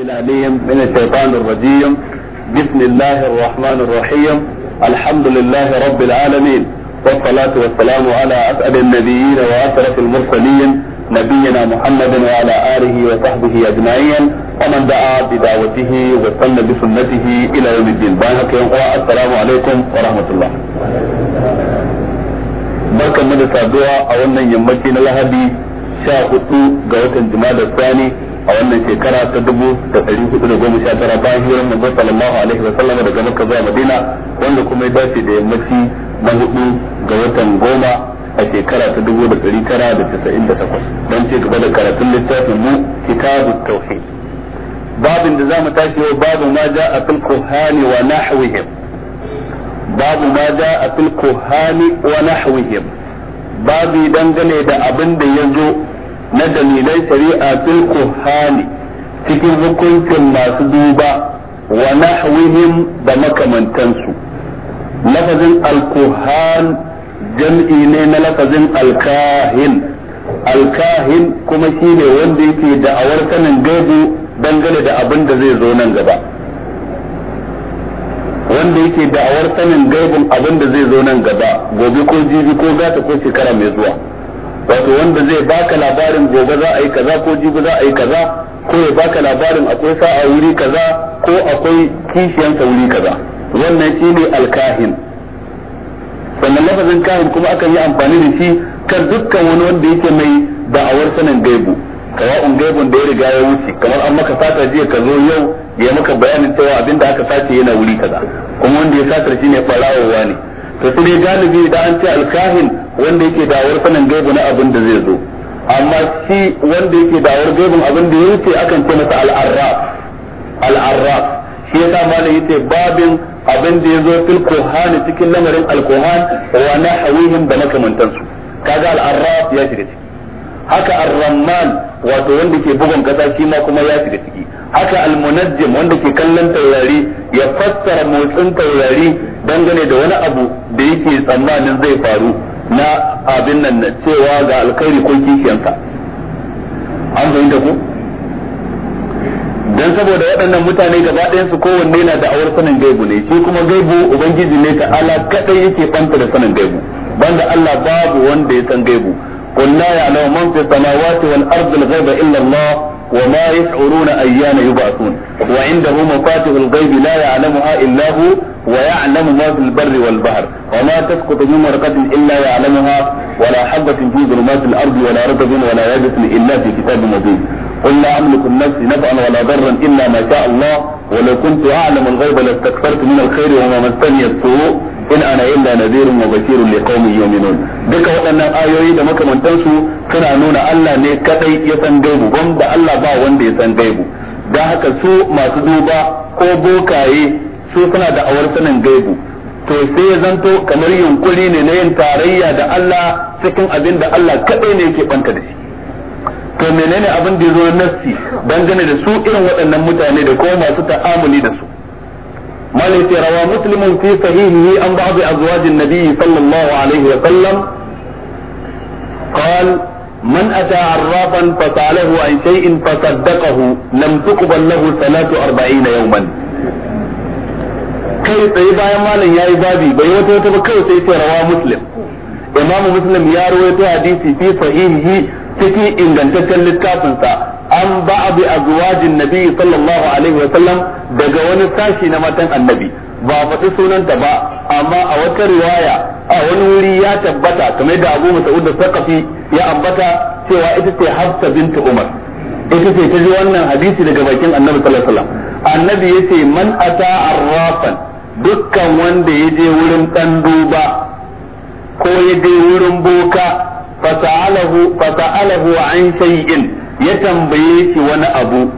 العليم من الشيطان الرجيم بسم الله الرحمن الرحيم الحمد لله رب العالمين والصلاة والسلام على أسعد النبيين وأشرف المرسلين نبينا محمد وعلى آله وصحبه أجمعين ومن دعا بدعوته واستنى بسنته إلى يوم الدين بارك السلام عليكم ورحمة الله barkan mu da saduwa a wannan yammaci na lahadi sha hudu ga watan jima'a da tsani a wannan shekara ta dubu da ɗari hudu da goma sha tara bayan hirar manzo sallallahu alaihi wa sallam daga makka zuwa madina wanda kuma ya dace da yammaci na hudu ga watan goma a shekara ta dubu da ɗari tara da casa'in da takwas don ce gaba da karatun littafin mu kitabu tauhid babin da mu tashi yau babu ma ja a fil kuhani wa nahwihim babu ma ja a fil kuhani wa nahwihim babu dangane da abin da ya zo na dalilai shari'a fil kuhani cikin hukuncin masu duba wa nahwihim da makamantansu lafazin alkuhan jam'i ne na lafazin alkahin alkahin kuma shi ne wanda yake da'awar sanin gado dangane da abin da zai zo nan gaba wanda yake sanin gaibin abin da zai zo nan gaba gobe ko jibi ko gata ko shekara mai zuwa wato wanda zai baka labarin gobe za a yi kaza ko jibi za a yi kaza ko ya baka labarin akwai sa'a wuri kaza ko akwai kishiyansa wuri kaza wannan shi ne alkahin sannan lafazin kahin kuma akan yi amfani da shi kan dukkan wani wanda yake mai da'awar sanin gaibu un gaibun da ya riga ya wuce kamar an maka fata jiya ka zo yau ya maka bayanin cewa abinda aka sace yana wuri kaza kuma wanda ya satar ne farawowa ne to sai dai galibi da an ce alkahin wanda yake dawar sanin gaibu na abin da zai zo amma shi wanda yake dawar gaibin abin da ya wuce akan ce masa al'arraf al'arraf shi yasa malai yace babin abin da ya zo fil kohani cikin lamarin alkohan wa nahawihim da makamantansu kaga al'arraf ya shiga ciki haka arramman wato wanda ke bugun kasa shi ma kuma ya shiga ciki haka almunajjim wanda ke kallon taurari ya fassara motsin taurari dangane da wani abu da yake tsammanin zai faru na abin nan na cewa ga alkhairi ko kishiyansa an fahimta ku dan saboda waɗannan mutane gaba ɗayan su kowanne yana da awar sanin gaibu ne shi kuma gaibu ubangiji ne ta ala kadai yake banta da sanin gaibu banda Allah babu wanda ya san gaibu kullaya la man fi samawati wal ardi al-ghaiba illa Allah وما يشعرون أيان يبعثون وعنده مفاتح الغيب لا يعلمها إلا هو ويعلم ما في البر والبحر وما تسقط من ورقة إلا يعلمها ولا حبة في ظلمات الأرض ولا رطب ولا يابس إلا في كتاب مبين قل لا أملك النفس نفعا ولا ضرا إلا ما شاء الله ولو كنت أعلم الغيب لاستكثرت من الخير وما مسني السوء in ana yin da nazirin wa basirun liqaumin yu'minun duka waɗannan ayoyi da makamantansu suna nuna Allah ne kadai ya san gaibu wanda Allah ba wanda ya san gaibu da haka su masu duba ko bokaye su suna da awar sanin gaibu to sai ya zanto kamar yunkuri ne na yin tarayya da Allah cikin abin da Allah kadai ne ke banta da shi to menene abin da ya zo nassi dangane da su irin waɗannan mutane da kuma masu ta'amuli da su ما ليس روى مسلم في صحيحه عن بعض أزواج النبي صلى الله عليه وسلم قال من أتى عرافا فسأله عن شيء فصدقه لم تقبل له صلاة أربعين يوما kai tsaye bayan malam ya yi babi bai wata wata ba kai sai ce rawa muslim imamu muslim ya rawaito hadisi fi sahihi cikin ingantaccen littafinsa an ba a bi azwajin nabi sallallahu alaihi wa sallam daga wani sashi na matan annabi ba faɗi sunanta ba amma a wata riwaya a wani wuri ya tabbata kamar da Abu Mas'ud Saqafi ya ambata cewa ita ce Hafsa bint Umar ita ce ta ji wannan hadisi daga bakin Annabi sallallahu alaihi wa sallam Annabi yace man ata arrafan dukkan wanda ya je wurin dan duba ko ya je wurin boka fata'alahu fata'alahu an shay'in ya tambaye shi wani abu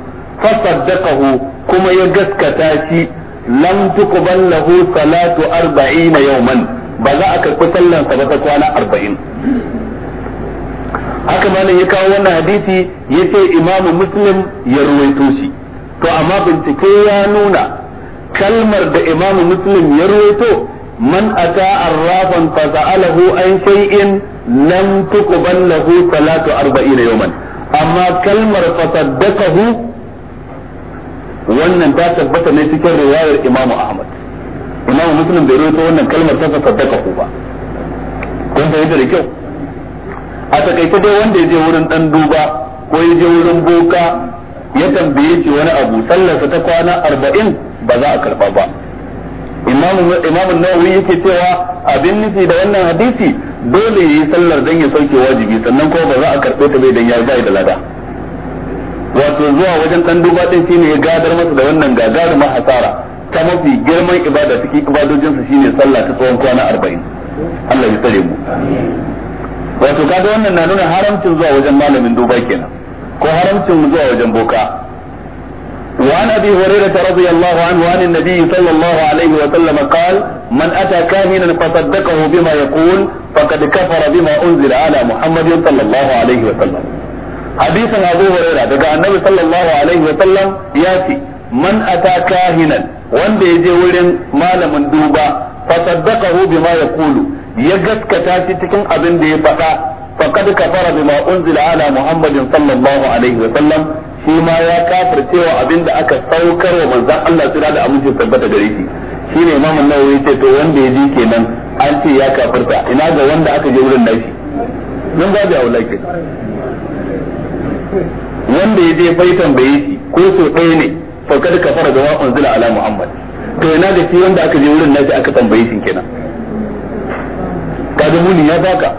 fa saddaqahu kuma ya gaskata shi lam tuqbal lahu salatu 40 yawman ba za a karɓi sallansa ba ta kwana 40 haka malam ya kawo wannan hadisi yace imamu muslim ya ruwaito shi to amma bincike ya nuna kalmar da imamu muslim ya ruwaito man ata arrafan fa za'alahu an shay'in lam tuqbal lahu salatu 40 yawman amma kalmar fasaddaqahu wannan ta tabbata ne cikin riwayar Imam Ahmad Imam Muslim bai rawaito wannan kalmar ta fasaddaqahu ba kun fahimta da kyau a takaice dai wanda ya je wurin dan duba ko ya je wurin boka ya tambaye shi wani abu sallarsa ta kwana arba'in ba za a karba ba imamu nawawi yake cewa abin nufi da wannan hadisi dole yi sallar dan ya sauke wajibi sannan kowa ba za a karɓe ta bai dan ya bai da lada wato zuwa wajen ɗan duba shi shine ya gadar masa da wannan gagarumar hasara ta mafi girman ibada cikin ibadojinsa shine sallah ta tsawon kwana arba'in Allah ya tsare mu wato kaga wannan na nuna haramcin zuwa wajen malamin duba kenan ko haramcin zuwa wajen boka وعن ابي هريره رضي الله عنه عن النبي صلى الله عليه وسلم قال من اتى كاهنا فصدقه بما يقول فقد كفر بما انزل على محمد صلى الله عليه وسلم حديث ابو هريره دغا النبي صلى الله عليه وسلم ياتي من اتى كاهنا wanda ya je wurin malamin duba fasaddaqahu bima yaqulu ya gaskata shi cikin abin da ya faɗa faqad kafara bima unzila ala muhammadin sallallahu alaihi wa sallam shi ma ya kafircewa abinda aka saukar wa manzon Allah tsira da aminci tabbata gare shi shine imam an-nawawi ce to wanda ya ji kenan an ce ya kafirta ina ga wanda aka je wurin nashi mun ga da aulake wanda ya je bai tambaye shi ne ala muhammad to ina da shi wanda aka je wurin nashi aka tambaye shi kenan kaga muni ya baka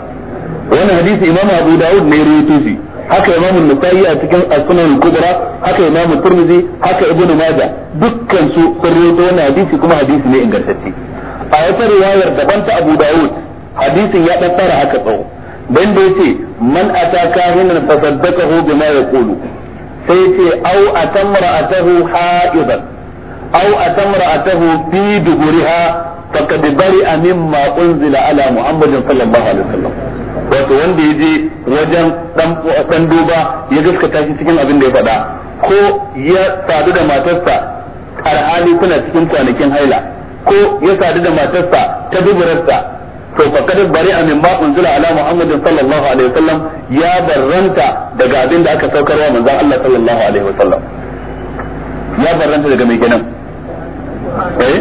wannan hadisi imamu abu dawud ne rawaito shi haka imamu nasa'i a cikin as-sunan kubra haka imamu turmizi haka ibnu majah dukkan su sun rawaito wannan hadisi kuma hadisi ne ingantacce a wata riwayar daban ta abu dawud hadisin ya dan tsara haka tsawo dan da yace man ataka hinan fasaddaqahu bima yaqulu sai yace aw atamra'atahu ha'idan aw atamra'atahu fi duburiha faqad bari'a mimma unzila ala muhammadin sallallahu alaihi wasallam wato wanda ya je wajen dan duba ya gaskata shi cikin abin da ya faɗa ko ya sadu da matarsa alhali kuna cikin kwanakin haila ko ya sadu da matarsa ta duburarsa to fa kada bari a min ba'un zula ala muhammadin sallallahu alaihi wasallam ya barranta daga abin da aka saukarwa manzon Allah sallallahu alaihi wasallam ya barranta daga mai kenan eh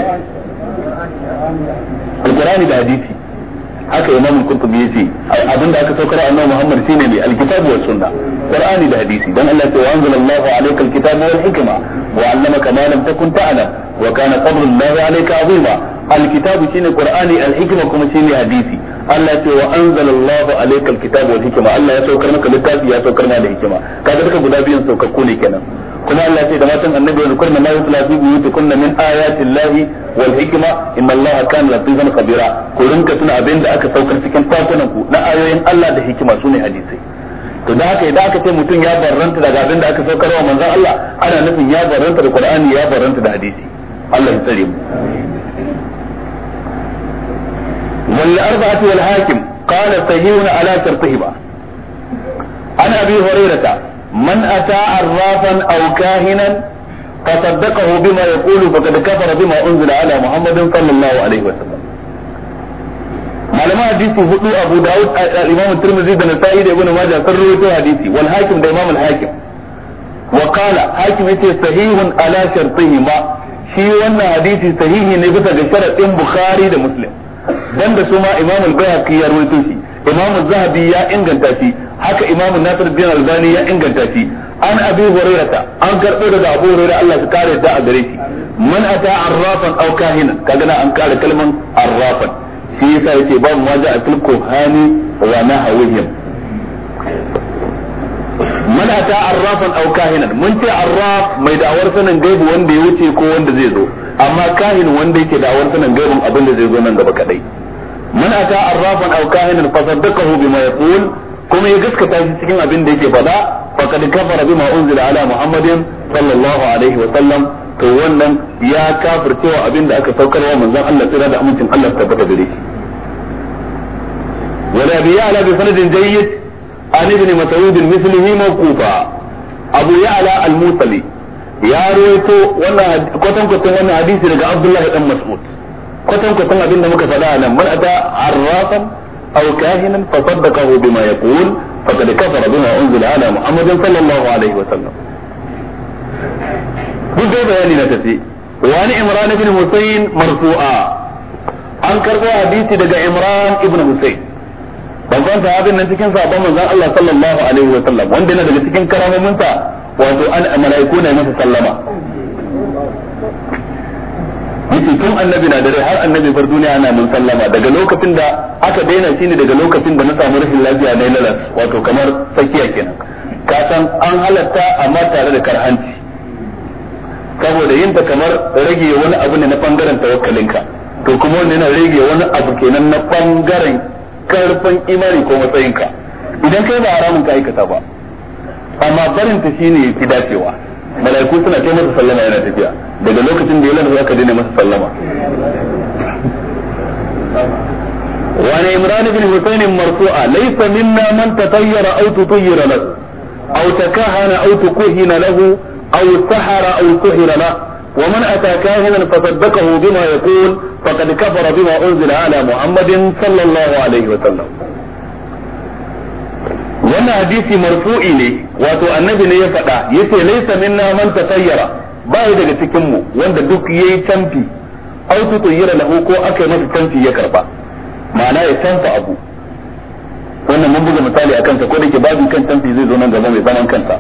alqur'ani da hadisi haka imamu ce abin da aka saukar annabi Muhammad shine mai alkitabu was sunna qur'ani da hadisi dan Allah ya anzala Allahu alayka alkitaba wal hikma wa 'allamaka ma lam takun ta'lam wa kana fadlu Allahi alayka 'azima alkitabu shine qur'ani alhikma kuma shine hadisi Allah ce wa anzala Allahu alayka alkitaba wal hikma Allah ya saukar maka littafi ya saukar maka da hikima kaga duka guda biyan saukakku ne kenan kuma Allah ya ce da matan annabi wa zikrna ma yutla fi buyutikunna min ayati llahi wal hikma inna allaha kana latifan khabira ku rinka tuna abin da aka saukar cikin fatunan ku na ayoyin Allah da hikima sune to da haka idan aka ce mutum ya barranta daga abin da aka saukar wa manzon Allah ana nufin ya barranta da Qur'ani ya barranta da hadisi Allah ya tsare mu wal arba'atu wal hakim qala sahihun ala tartihiba ana abi hurairata man ata arrafan aw kahinan fasaddaqahu bima yaqulu faqad kafara bima unzila ala muhammadin sallallahu alaihi wasallam malaman hadisi hudu abu daud al-imam tirmidhi da nasa'i da ibnu majah sun rawaito hadisi wal hakim da imam al-hakim wa qala hakim yace sahihun ala shartihi ma shi wannan hadisi sahihi ne bisa ga sharadin bukhari da muslim dan da su ma imam al-bayhaqi ya rawaito shi imamu zahabi ya inganta shi haka imamu nasir bin albani ya inganta shi an abi hurairata an karbo daga abu hurairah Allah su kare da a gare shi man ata arrafan aw kahinan kaga na an kare kalman arrafan shi yasa yake babu ma ja'a fil hani wa nahawihim man ata arrafan aw kahinan mun ce arraf mai da'awar sanin gaibu wanda ya wuce ko wanda zai zo amma kahin wanda yake da'awar sanin gaibun abin da zai zo nan gaba kadai man ata arrafan aw kahinan fasaddaqahu bima yaqul kuma ya gaskata shi cikin abin da yake faɗa faqad kafara bima unzila ala muhammadin sallallahu alaihi wa sallam to wannan ya kafircewa abin da aka saukar wa manzon Allah tsira da amincin Allah بسند جيد عن ابن مسعود مثله موقوفا أبو يعلى الموصلي ya ruwaito wannan kwatan kwatan wannan hadisi daga Abdullahi dan Mas'ud kwatan kwatan abin da muka faɗa nan man ata arrafan aw kahinan fa saddaqahu bima yaqul faqad kafara bima unzila ala muhammadin sallallahu alaihi wa sallam duk da bayani na tafi wani imran ibn husayn marfu'a an karbo hadisi daga imran ibn husayn babban abin nan cikin sahabban manzon Allah sallallahu alaihi wa sallam wanda yana daga cikin karamomin sa wato an malaiku ne masa sallama yace tun annabi na dare har annabi bar duniya ana mun sallama daga lokacin da aka daina shi ne daga lokacin da na samu rashin lafiya na yana wato kamar tsakiya kenan ka san an halatta amma tare da karhanci saboda yin ta kamar rage wani abu ne na bangaren ka to kuma wannan yana rage wani abu kenan na bangaren karfin imani ko matsayinka idan kai ba haramun ka aikata ba amma barin ta shine fi dacewa mala'iku suna kai masa sallama yana tafiya daga lokacin da ya lantsa aka daina masa sallama وعن عمران بن حسين مرفوعا ليس منا من تطير او تطير له او تكهن او تكهن له او سحر او سحر له ومن اتى كاهنا فصدقه بما يقول فقد كفر بما انزل على محمد صلى الله عليه وسلم wannan hadisi marfu'i ne wato annabi ne ya faɗa yace laysa minna man tasayyara bai daga cikin mu wanda duk yayi tamfi aw tutayyara lahu ko akai masa tanfi ya karba ma'ana ya tanfa abu wannan mun buga misali akan ta ko da ke babu kan zai zo nan gaba mai zaman kansa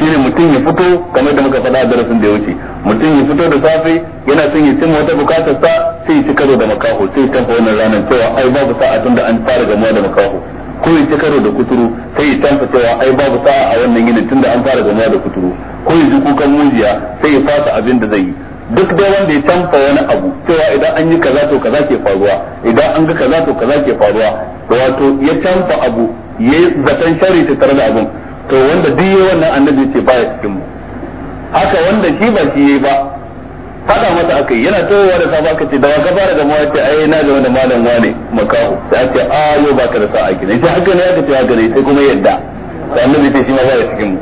shine mutum ya fito kamar da muka faɗa a darasin da ya wuce mutum ya fito da safe yana son ya cimma wata bukatar sa sai ya ci karo da makaho sai ya tanfa wannan ranar cewa ai babu sa'a tunda an fara gamuwa da makaho ko ya karo da kuturu sai ya tansa cewa ai babu sa'a a wannan yinin tunda an fara gama da kuturu ko ya ji kukan mujiya sai ya fasa abin da zai yi duk dai wanda ya tanfa wani abu cewa idan an yi kaza to kaza ke faruwa idan an ga kaza to kaza ke faruwa wato ya tanfa abu ya zaton shari ta tare da abin to wanda duk wannan annabi ce baya cikin mu haka wanda shi ba shi yayi ba fada mata aka yi yana towa da safa aka ce da ka fara da ce ai na game da malam wane makahu sai aka ce a yau ba ka da sa'a ki ne sai haka ne aka ce haka ne sai kuma yadda da annabi sai shi ma ba ya cikin mu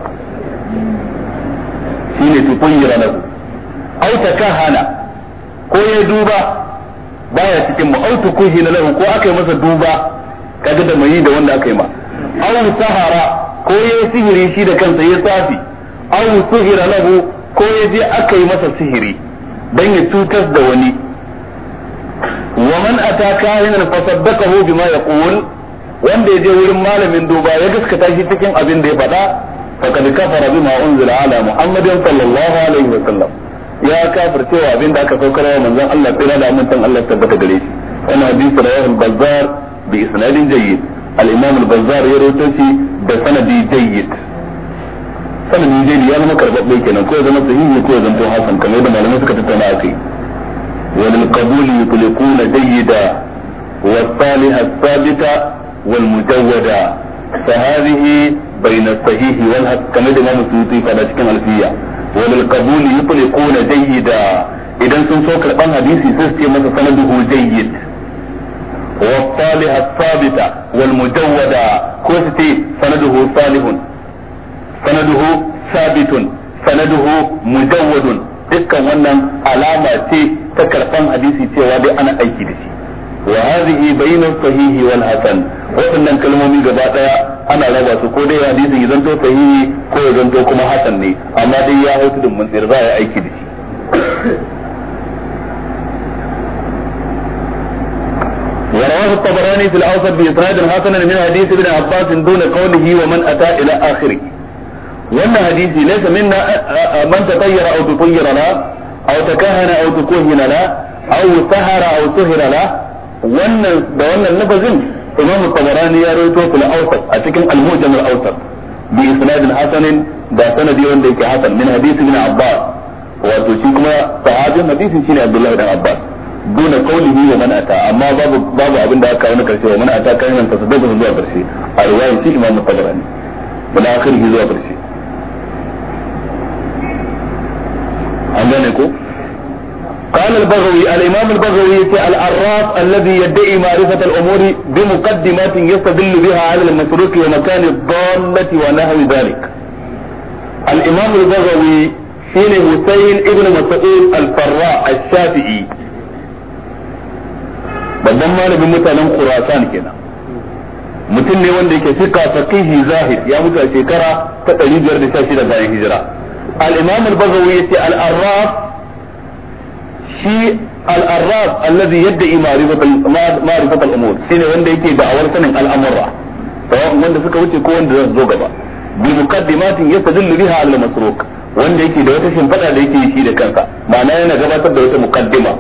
shi shine tu kunyira lahu au hana ko ya duba ba ya cikin mu au hina lahu ko aka yi masa duba kaga da mai da wanda aka yi ma au sahara ko ya sihiri shi da kansa ya tsafi au sihira lahu ko ya je aka yi masa sihiri dan ya cutar da wani wa man ata kahinan fa saddaqahu bima yaqul wanda ya je wurin malamin duba ya gaskata shi cikin abin da ya faɗa faqad kafara bima unzila ala muhammadin sallallahu alaihi wa sallam ya kafir cewa abin da aka saukar wa manzon Allah tsira da amintan Allah tabbata gare shi wannan hadisi bazzar bi isnadin jayyid al-imam al-bazzar ya rawaito shi da sanadi jayyid sannan ni dai ya zama karbabbe kenan ko ya zama sahihi ko ya zanto hasan kamar yadda malamai suka tattauna a kai wal qabul yutliqun jayyida was salih as sabita wal mujawwada fa hadhihi bain as sahih wal hak da Imam Suyuti fa cikin alfiya wal qabul yutliqun jayyida idan sun so karban hadisi sai su ce masa sanaduhu jayyid wa salih as wal mujawwada ko su ce sanaduhu sanaduhu sabitun sanaduhu mujawwadun dukkan wannan alama ce ta karfan hadisi cewa dai ana aiki da shi wa hadhihi bayna sahihi wal hasan waɗannan kalmomi gaba daya ana raba su ko dai hadisin ya zanto sahihi ko ya zanto kuma hasan ne amma dai ya hauti dun mun tsira ya aiki da shi ورواه الطبراني في الأوسط بإسناد حسن من حديث ابن عباس دون قوله ومن أتى إلى آخره وأن حديثي ليس منا من تطير أو تطير لا أو تكهن أو تكهن لا أو سهر أو سهر لا وأن بأن النبذين إمام الطبراني يرويته في الأوسط أتكلم الموجم الأوسط بإسناد حسن دا سند يوم ديك حسن من حديث ابن عباس وتشيكما صحابي حديث شين عبد الله بن عباس دون قوله ومن أتى أما باب أبن دا كان كرسي ومن أتى كان من تصدق الزوا كرسي الرواية شيء الطبراني من آخره زوا كرسي gane ko قال البغوي الإمام البغوي في العراف الذي يدعي معرفة الأمور بمقدمات يستدل بها على المسروق ومكان الضالة ونحو ذلك الإمام البغوي شين حسين ابن مسعود الفراء الشافعي babban malamin mutanen Khurasan خراسان mutum ne wanda كثقه فقيه زاهد يا ya mutu a shekara بعد الهجره. al-imam al-bazawi yace al-arraf shi al-arraf alladhi yad'i ma'rifat al-umur shine wanda yake da'awar sanin al-amra wanda suka wuce ko wanda zo gaba bi muqaddimatin yastadillu biha al-masruq wanda yake da wata shimfiɗa da yake shi da kansa ma'ana yana gabatar da wata mukaddima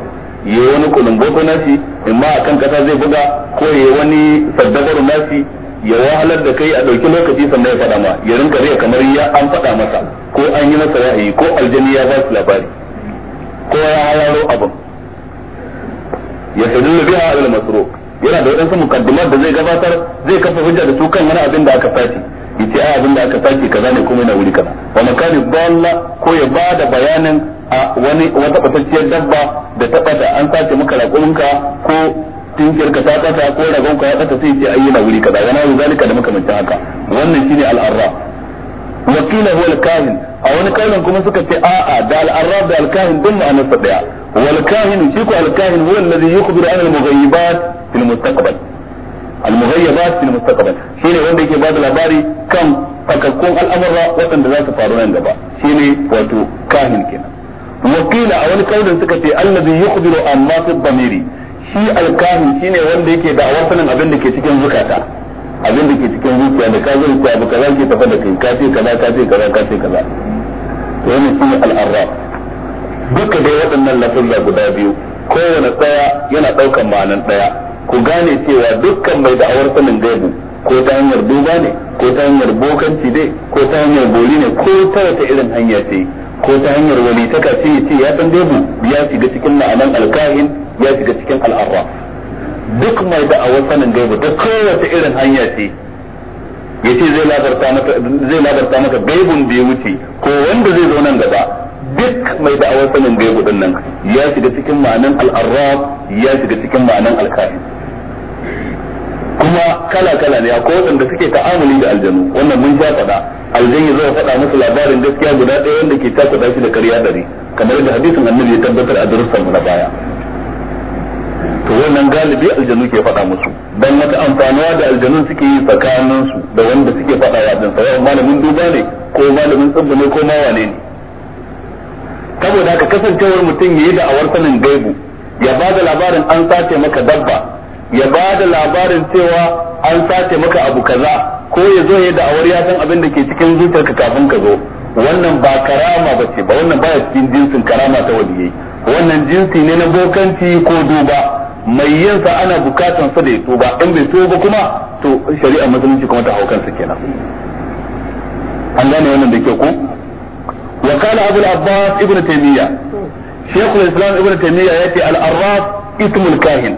ya wani kulumboto nashi in ma a kan kasa zai buga ko ya wani saddabar nashi ya wahalar da kai a ɗauki lokaci sannan ya faɗa ma ya rinka riya kamar ya an faɗa masa ko an yi masa ra'ayi ko aljani ya ba su labari ko ya hayaro abin ya sadilla biha al masruq yana da wadansu mukaddimar da zai gabatar zai kafa hujja da su kan wani abin da aka faɗi yace a abin da aka faɗi kaza ne kuma yana wuri kaza wa makani dalla ko ya bada bayanin a wani wata batacciyar dabba da ta bada an sace maka ka ko tinkir ka ta tsaka ko ragon ka ya tsaka sai ce ayyana wuri kaza wa nahu zalika da makamantan haka wannan shine al-arra wa qila huwa al-kahin a wani kaunin kuma suka ce a'a da al-arra da al-kahin din ma'anar sa daya wal kahin shi ko al-kahin huwa alladhi yukhbiru an al-mughayyibat fil mustaqbal al-mughayyibat fil mustaqbal shine wanda yake bada labari kan fakakkun al'amura waɗanda za su faru nan gaba shine wato kahin kenan wakila a wani kaunin suka ce alladhi yukhbiru amma fi dhamiri shi alkami ne wanda yake da wasanin abin da ke cikin zukata abin da ke cikin zuciya da ka zai kwa kaza ke tafa da kai ka ce kaza ka ce kaza ka ce kaza to wannan shi al-arraf duka dai waɗannan lafuzza guda biyu kowane tsaya yana ɗaukan ma'anan ɗaya ku gane cewa dukkan mai da'awar sanin gaibu ko ta hanyar duba ne ko ta hanyar bokanci ne ko ta hanyar boli ne ko ta wata irin hanya ce ko ta hanyar wani taka ce ya san gaibu ya shiga cikin ma'anan alkahin ya shiga cikin al'arra duk mai da'awar sanin gaibu da kowace irin hanya ce ya ce zai labarta maka gaibun da ya wuce ko wanda zai zo nan gaba duk mai da'awar sanin gaibu din nan ya shiga cikin ma'anan al'arraf ya shiga cikin ma'anan alkafi kuma kala kala ne akwai waɗanda suke ta'amuli da aljanu wannan mun sha faɗa aljan ya zo faɗa musu labarin gaskiya guda ɗaya wanda ke ta shi da ƙarya dare kamar da hadisin annabi ya tabbatar a darussan na baya to wannan galibi aljanu ke faɗa musu dan mata amfanuwa da aljanun suke yi tsakanin su da wanda suke faɗa wa din sai malamin duba ne ko malamin tsibbi ne ko mawane ne saboda haka kasancewar mutum yayi da awar sanin gaibu ya ba labarin an sace maka dabba ya bada labarin cewa an sace maka abu kaza ko ya zo ya da awar ya san abin da ke cikin zuciyarka kafin ka zo wannan ba karama ba ce ba wannan baya cikin jinsin karama ta wadiyai wannan jinsi ne na bokanci ko duba mai yin sa ana bukatan sa da ya tuba in bai tuba kuma to shari'a musulunci kuma ta haukan sa kenan an gane wannan da kyau ko wa qala abu al-abbas ibn taymiya shaykhul islam ibn taymiya yace al-arraf ismul kahin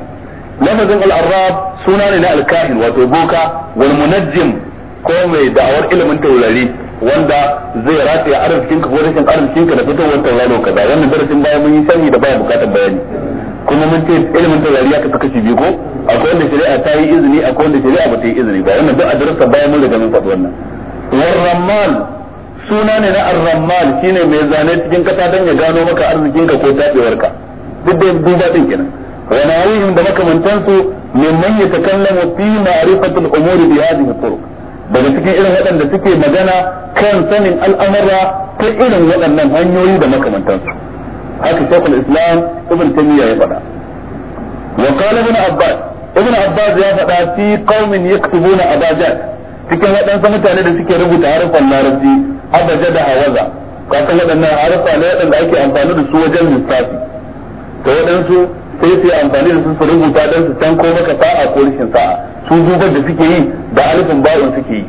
lafazin al-arraf suna ne na al-kahin wato boka wal munajjim ko mai da'awar ilimin taurari wanda zai rataya arzikinka ko rashin arzikinka da fitowar tauraro kaza wannan darasin bayan mun yi sani da baya bukatar bayani kuma mun ce ilimin taurari ya saka shi biyu ko akwai wanda shari'a ta yi izini akwai wanda shari'a ba ta yi izini ba wannan duk a darasa baya mun riga mun faɗi wannan warrammal suna ne na arrammal shine mai zane cikin kasa dan ya gano maka arzikinka ko tabewarka duk da duba din kenan wa da makamantansu mimman yatakallamu fi ma'rifati al-umuri bi hadhihi turuq daga cikin irin waɗanda suke magana kan sanin al'amura ta irin waɗannan hanyoyi da makamantansu haka shaykhul islam ibn tamiya ya faɗa wa qala ibn abbas ibn abbas ya faɗa fi qaumin yaktubuna abajad cikin waɗansu mutane da suke rubuta harfan larabci abajada hawaza ka san waɗannan harfa ne waɗanda ake amfani da su wajen lissafi to waɗansu sai su yi amfani da su su rubuta don su san ko maka sa'a ko rishin sa'a su dubar da suke yi da alifin ba'un suke yi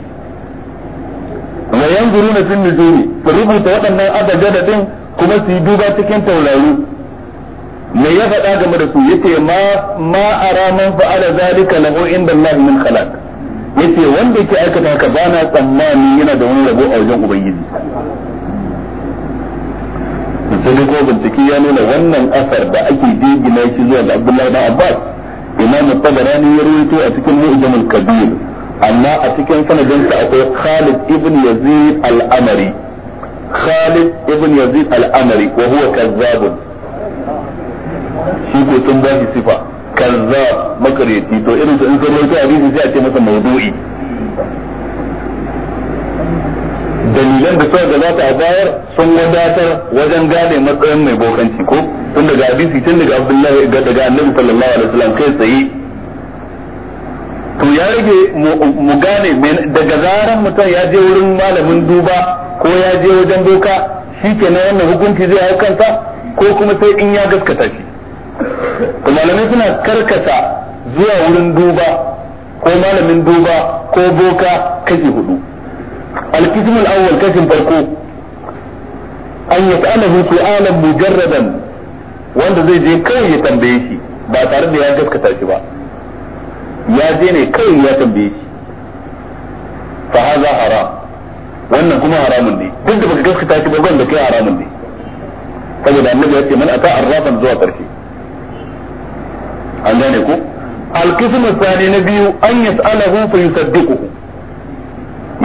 wa yanzuruna fil nujumi su rubuta waɗannan abajada din kuma su yi duba cikin taurari me ya faɗa game da su yace ce ma ara man fa'ala zalika lahu inda Allah min khalaq ce wanda yake aikata haka bana tsammani yana da wani rabo a wajen ubangiji sai ko bincike ya nuna wannan asar da ake jingina shi zuwa ga Abdullahi bin Abbas Imam Tabarani ya rawaito a cikin Mu'jamul Kabir amma a cikin sanadinsa akwai Khalid ibn Yazid al-Amari Khalid ibn Yazid al-Amri wa huwa kazzab dalilan da suka gabata a bayar sun wadatar wajen gane matsayin mai bokanci ko tun daga tun daga Abdullahi daga Annabi sallallahu alaihi wasallam kai tsaye to ya rage mu gane daga zaran mutum ya je wurin malamin duba ko ya je wajen doka shi ke na wannan hukunci zai hau ko kuma sai in ya gaskata shi to malamai suna karkata zuwa wurin duba ko malamin duba ko boka kashi hudu alkismul awwal kashin farko an yas'alahu su'alan mujarradan wanda zai je kawai ya tambaye shi ba tare da ya gaskata shi ba ya je ne kai ya tambaye shi fa haza haram wannan kuma haramun ne duk da baka gaskata shi ba ban da kai haramun ne saboda annabi ya ce man ata arrafan zuwa karshe an gane ko alkismu tsani na biyu an yas'alahu fa yusaddiquhu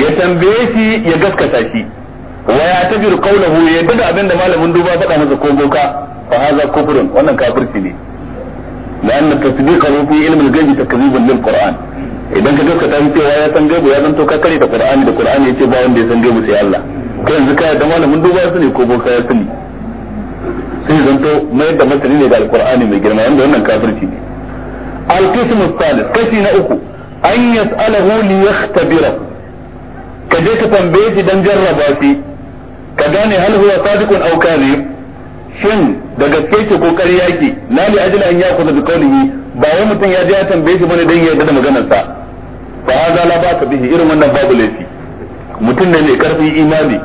ya tambaye shi ya gaskata shi wa ya tajir qawluhu ya yadda abinda malamin duba faɗa masa ko goka fa haza kufrun wannan kafirci ne لأن تصديقه في علم الغيب تكذيب للقرآن idan ka gaskata shi cewa ya san gaibu ya zanto ka kare da Qur'ani da Qur'ani yace ba wanda ya san gaibu sai Allah kai yanzu ka da malamin duba su ne ko boka ya sani sai zanto mai da masani ne da Al-Qur'ani mai girma wanda wannan kafirci ne al-qismu thalith kashi na uku an yas'alahu li yakhtabira ka je ka tambaye shi dan jarraba shi ka gane hal huwa sadiqun aw kadhib shin da gaske ke ko ƙarya yake la li ya an yakhudha da qawlihi ba wai mutum ya je ya tambaye shi bane dan ya yarda da maganar sa ba za la ba ka bihi irin wannan babu laifi mutum ne mai karfi imani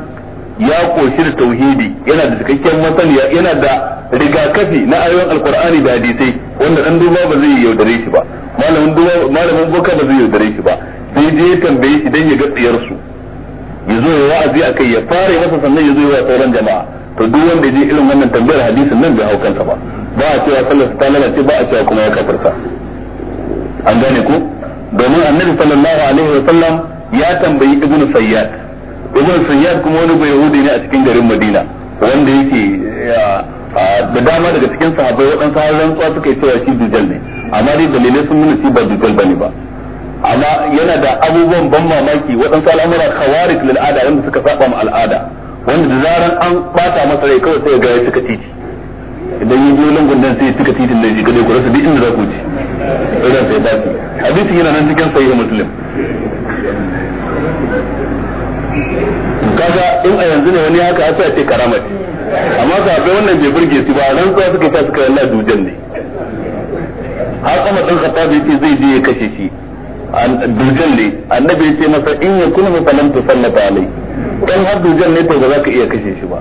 ya koshi da tauhidi yana da cikakken masaniya yana da rigakafi na ayoyin alkur'ani da hadisai wanda dan duba ba zai yaudare shi ba malamin duba malamin boka ba zai yaudare shi ba sai je tambaye shi dan ya ga tsiyar su ya zo ya wa'azi a kai ya fara yi masa sannan ya zo ya sauran jama'a to duk wanda je irin wannan tambayar hadisin nan bai hau kansa ba ba a cewa sallar ta lalace ba a cewa kuma ya sa. an gane ku domin annabi sallallahu alaihi wa sallam ya tambayi ibn sayyad ibn sayyad kuma wani bai yahudi ne a cikin garin madina wanda yake da dama daga cikin sahabbai waɗansu har rantsuwa suka yi cewa shi dijal ne amma dai dalilai sun nuna shi ba ba bane ba amma yana da abubuwan ban mamaki waɗansu al'amura kawarik lil ada wanda suka saba ma al'ada wanda da zaran an bata masa rai kawai sai ga ya suka titi idan yi biyu lungun dan sai suka titin da shi kadai ku rasa duk inda za ku ji irin sai ba su hadisi yana nan cikin sahih muslim kaga in a yanzu ne wani haka asa ce karama amma amma sahabbai wannan bai burge su ba nan tsawa suka ta suka yalla dujan ne har kuma dan khattabi yace zai je ya kashe shi dujan ne annabi ya ce masa in ya kulmi falan tu sallata alai in har dujan ne to ba za ka iya kashe shi ba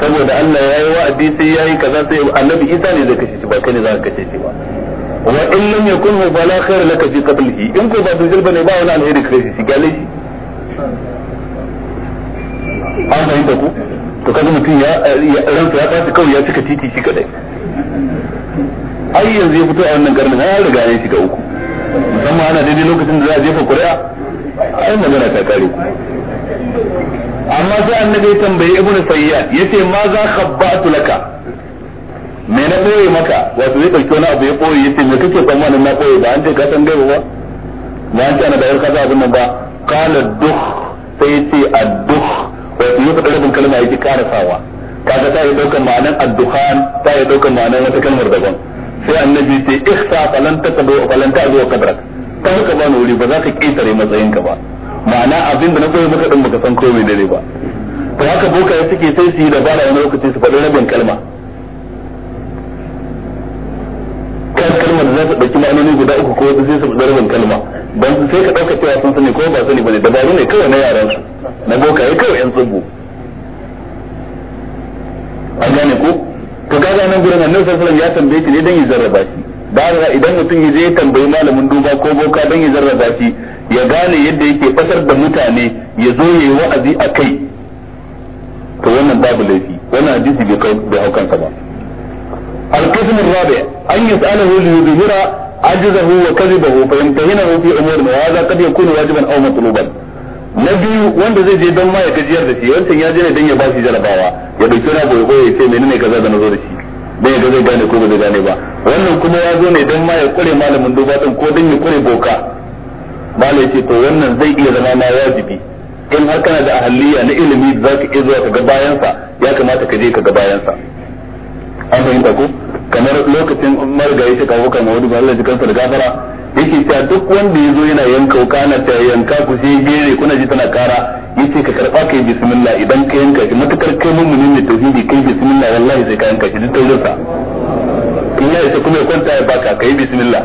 saboda Allah ya yi wa'adi sai ya yi kaza sai annabi Isa ne zai kashe shi ba kai ne za ka kashe shi ba wa in lam yakun hu fala khair laka fi qatlihi in ko ba dujal bane ba wani alheri ka kashe shi gale shi an fahimta ku to kaga mutum ya ransa ya tashi kawai ya cika titi shi kadai ai yanzu ya fito a wannan karnin ya riga ne shiga uku musamman ana daidai lokacin da za a jefa kuri'a ai magana ta kare amma sai annabi ya tambayi ibnu sayyad yace ma za khabbatu laka me na boye maka wato zai dauke wani abu ya boye yace me kake tsammanin na boye ba an ce ka san gaiba ba ba an ce ana da kaza abin nan ba qala duh sai yace ad-dukh wato yau da rubun kalma yake karasawa kaga ta yi daukan ma'anan ad-dukhan ta yi daukan ma'anan wata kalmar daban sai annabi ce ihsa falan taqdu falan ta'du qadrak kar ka bani wuri ba za ka ketare matsayinka ba ma'ana abin da na koyi maka din baka san komai dare ba to haka boka ya suke sai su yi dabara wani lokaci su faɗi rabin kalma kan kalma da za su ɗauki ma'anoni guda uku ko sai su faɗi rabin kalma dan sai ka ɗauka cewa sun sani ko ba sani ba ne dabaru ne kawai na yaran su na boka ya kawai yan tsibbu an gane ko to kaga nan gurin annabi sallallahu alaihi wasallam ya tambaye shi ne dan ya zarraba shi da idan mutum ya je ya tambayi malamin duba ko boka dan ya zarraba shi ya gane yadda yake fasar da mutane ya zo ya yi wa'azi a kai to wannan babu laifi wannan hadisi bai kai da haukan ba an القسم الرابع ajzahu wa kadhibahu fa وكذبه fi في ma وهذا قد yakunu wajiban aw matluban na biyu wanda zai je don ma ya gajiyar da shi wancan ya je ne don ya ba shi jarabawa ya dauki wani abu ya koya ya ce menene kaza da na zo da shi dan ya zai gane ko ba zai gane ba wannan kuma ya zo ne don ma ya kure malamin duba din ko don ya kure boka malai ce to wannan zai iya zama ma wajibi in har kana da ahaliya na ilimi za ka iya zuwa ka ga bayansa ya kamata ka je ka ga bayansa an fahimta ko kamar lokacin marigayi shi kawo kan wani ba Allah kansa da gafara yake cewa duk wanda ya zo yana yanka wuka na ta yanka ku sai gere kuna ji tana kara yace ka karba kai bismillah idan ka yanka shi matukar kai mummunin ne tauhidi kai bismillah wallahi sai ka yanka shi duk taurin sa in ya isa kuma ya kwanta ya baka kai bismillah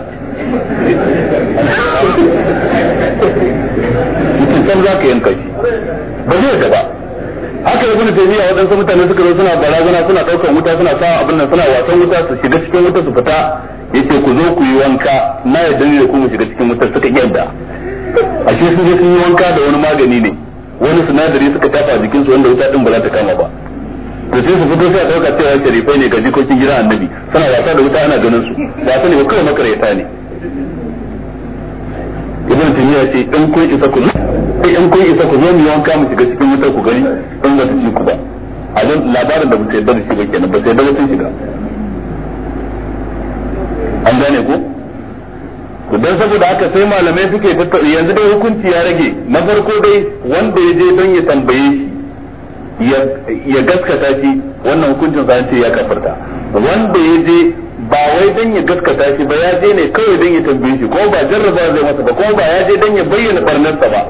yace san za ka yanka shi ba zai da ba haka ya gudu tafiya waɗansu mutane suka zo suna barazana suna ɗaukar wuta suna sawa abin nan suna wasan wuta su shiga cikin wuta su fita yace ku zo ku yi wanka na yadda ne ku mu shiga cikin mutar suka yarda ashe sun je sun yi wanka da wani magani ne wani sinadari suka tafa jikin su wanda wuta din ba za ta kama ba to sai su fito sai a dauka cewa sharifai ne ga jikokin gidan annabi suna wasa da wuta ana ganin su ba sani ba kawai makareta ne ibn taymiya ce in kun isa ku zo in kun isa ku zo mu wanka mu shiga cikin mutar ku gani in ba su ci ku ba a labarin da ba sai da shi ba kenan ba sai da sun shiga an gane ko ku dan saboda haka sai malamai suke tattauna yanzu dai hukunci ya rage na farko dai wanda ya je don ya tambaye shi ya gaskata shi wannan hukuncin za ce ya kafarta wanda ya je ba wai don ya gaskata shi ba ya je ne kawai don ya tambaye shi ko ba jarraba zai masa ba ko ba ya je don ya bayyana barnarsa ba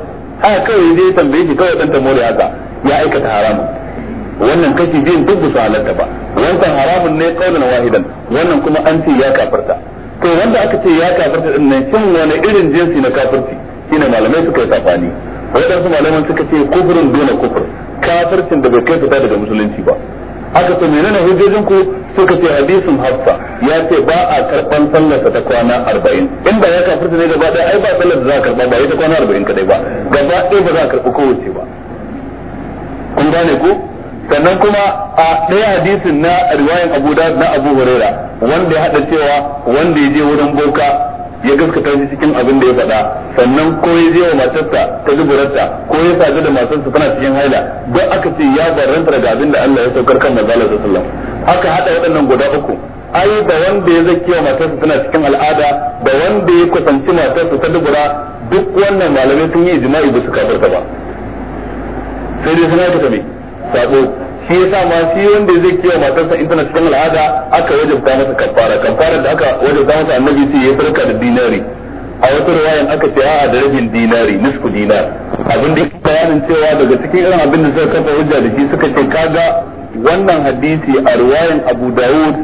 haka kawai ya tambaye shi kawai dan tamore haka ya aikata haramun wannan kashi biyun duk su halatta ba wancan haramun ne kaulan wahidan wannan kuma an ce ya kafarta to wanda aka ce ya kafirta din nan kin wani irin jinsi na kafirci shine malamai suka yi safani wadansu malaman suka ce kufrun dole kufur kafircin da bai kai fita daga musulunci ba aka ce menene hujjojin ku suka ce hadisin hafsa ya ce ba a karban sallarsa ta kwana 40 in ba ya kafirta ne gaba ɗaya ai ba sallar da za a karba ba ita kwana 40 kadai ba gaba ɗaya ba za a karbi kowace ba kun gane ko sannan kuma a ɗaya hadisin na riwayan Abu da na Abu Huraira wanda ya haɗa cewa wanda ya je wurin boka ya gaskata shi cikin abin da ya faɗa sannan ko ya je wa matarsa ta duburarta ko ya sadu da matarsa tana cikin haila duk aka ce ya barranta daga abin da Allah ya saukar kan manzo Allah sallam aka haɗa waɗannan guda uku ai da wanda ya zaki wa matarsa tana cikin al'ada da wanda ya kusanci matarsa ta dubura duk wannan malamai sun yi jima'i ba su kafarta ba sai dai suna ta sabo shi yasa ma shi wanda zai wa matarsa ita na cikin al'ada aka wajabta masa kafara kafara da aka wajabta masa annabi sai ya farka da dinari a wata riwayan aka ce a'a da rabin dinari nisfu dinar abin da bayanin cewa daga cikin irin abin da suka kafa hujja da shi suka ce kaga wannan hadisi a riwayan Abu Dawud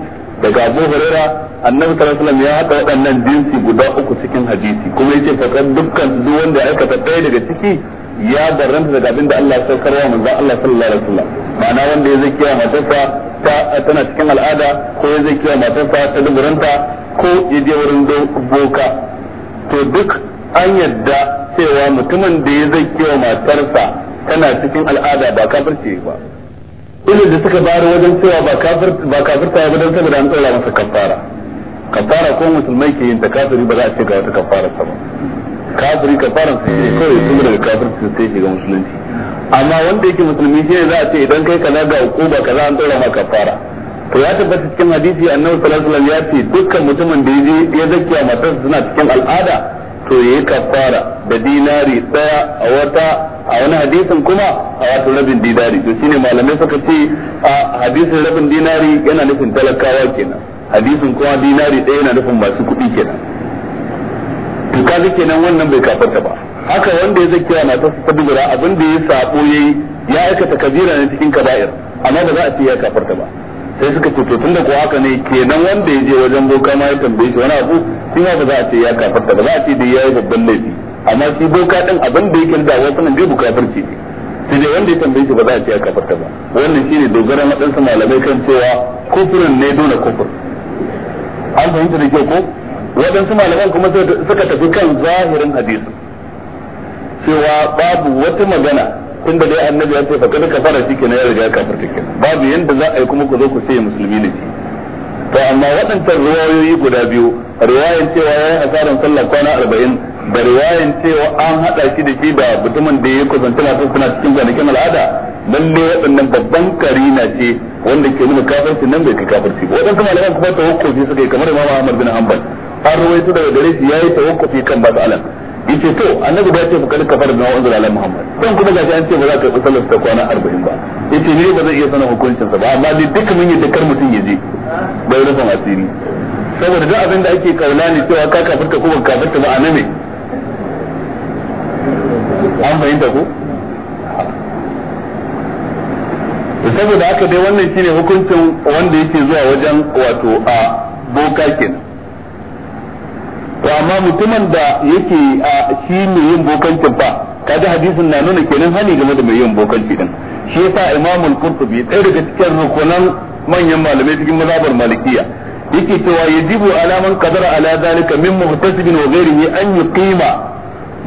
daga Abu Hurairah annabi sallallahu alaihi wasallam ya haɗa waɗannan jinsi guda uku cikin hadisi kuma yace fakan dukkan duk wanda ya aikata ɗaya daga ciki ya barranta daga abin da Allah ya saukarwa manzo Allah sallallahu alaihi wasallam ma'ana wanda ya zakiya matarsa ta tana cikin al'ada ko ya zakiya matarsa ta duburanta ko ya je wurin boka to duk an yadda cewa mutumin da ya zakiya matarsa tana cikin al'ada ba kafirce ba idan da suka bayar wajen cewa ba kafir ba kafirta ba dan saboda an tsara masa kafara kafara ko musulmai ke yin ta kafiri ba za a ce ga wata kafara ba kafiri ka fara su ne kawai tun daga kafirci sai shiga musulunci amma wanda yake musulmi shi ne za a ce idan kai kaza ga hukuma za an tsora maka fara. to ya tabbata cikin hadisi annabi sallallahu alaihi wasallam ya ce dukkan mutumin da yaje ya zakiya matarsa suna cikin al'ada to yayi kafara da dinari daya a wata a wani hadisin kuma a wato rabin dinari to shine malamai suka ce a hadisin rabin dinari yana nufin talakawa kenan hadisin kuma dinari daya yana nufin masu kuɗi kenan to kaga nan wannan bai kafarta ba haka wanda ya zakiya na ta sabu gura abin da ya sabo yayi ya aikata kabira ne cikin kaba'ir amma ba za a ce ya kafarta ba sai suka ce to tunda ko haka ne kenan wanda ya je wajen boka ma ya tambaye shi wani abu shi ma ba za a ce ya kafarta ba za a ce da yayi babban laifi amma shi boka din abin da yake da wasu nan bai bukatarci ne sai dai wanda ya tambaye shi ba za a ce ya kafarta ba wannan shine na waɗansu malamai kan cewa kufurin ne dole kufur an fahimta da kyau ko waɗansu malaman kuma suka tafi kan zahirin hadisi cewa babu wata magana tun da dai annabi ya ce fakar kafara shi kenan ya riga kafar take babu yanda za a yi kuma ku zo ku sai musulmi ne shi to amma waɗancan riwayoyi guda biyu riwayan cewa ya yi asarar sallah kwana arba'in da riwayan cewa an haɗa shi da shi da mutumin da ya kusanci masu suna cikin kwanakin al'ada lalle waɗannan babban karina ce wanda ke nuna kafirci nan bai kai kafirci waɗansu malaman kuma ta hukunci suka yi kamar imam ahmad bin hanbal ruwai su daga gare shi yayi tawakkufi kan mas'alan yace to annabi ba ce fakar kafar da wanzu ala muhammad don kuma gashi an ce ba za ka sallar ta kwana 40 ba yace ne ba zai iya sanar hukuncin sa ba amma dai duka mun yi dukkan mutum ya je bai rufa asiri saboda duk abin da ake kaula ne cewa ka kafirta kuma ba ta ba annabi an fahimta ko saboda haka dai wannan shine hukuncin wanda yake zuwa wajen wato a boka kenan to amma mutumin da yake a shi mai yin bokancin fa kaji hadisin na nuna kenan hani game da mai yin bokanci din shi yasa imamul qurtubi ɗaya daga cikin rukunan manyan malamai cikin mazhabar malikiya yake cewa yajibu ala man qadara ala zalika min muhtasibin wa ghairihi an yuqima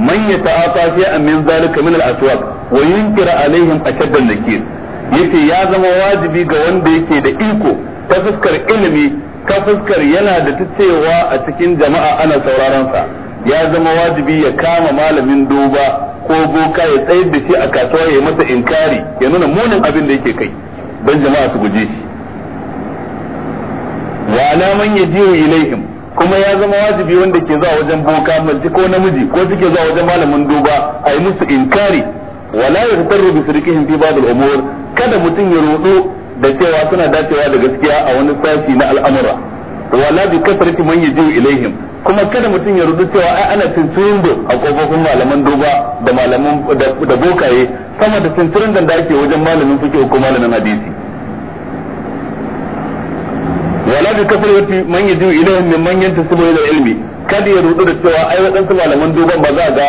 man yata'ata shay'an min zalika min al-aswaq wa yunkira alaihim ashaddan nakir yace ya zama wajibi ga wanda yake da iko ta fuskar ilimi ka fuskar yana da tattewa a cikin jama'a ana sauraron sa ya zama wajibi ya kama malamin duba ko boka ya tsayar da shi a kasuwa ya masa inkari ya nuna munin abin da yake kai don jama'a su guje shi wa alaman yajiu ilaihim kuma ya zama wajibi wanda ke zuwa wajen boka mace ko namiji ko suke zuwa wajen malamin duba a yi musu inkari wala ya fitar rubi sirkihin fi babul umur kada mutum ya rudu da cewa suna dacewa da gaskiya a wani sashi na al'amura wala bi kasrati man yajiu ilaihim kuma kada mutum ya rudu cewa ai ana tuntundo a kofofin malaman duba da malaman da bokaye sama da tuntun da ake wajen malamin fiqh ko malamin hadisi wala bi kasrati man yajiu ilaihim min man yantasibu ila ilmi kada ya rudu da cewa ai wadansu malaman duban ba za ga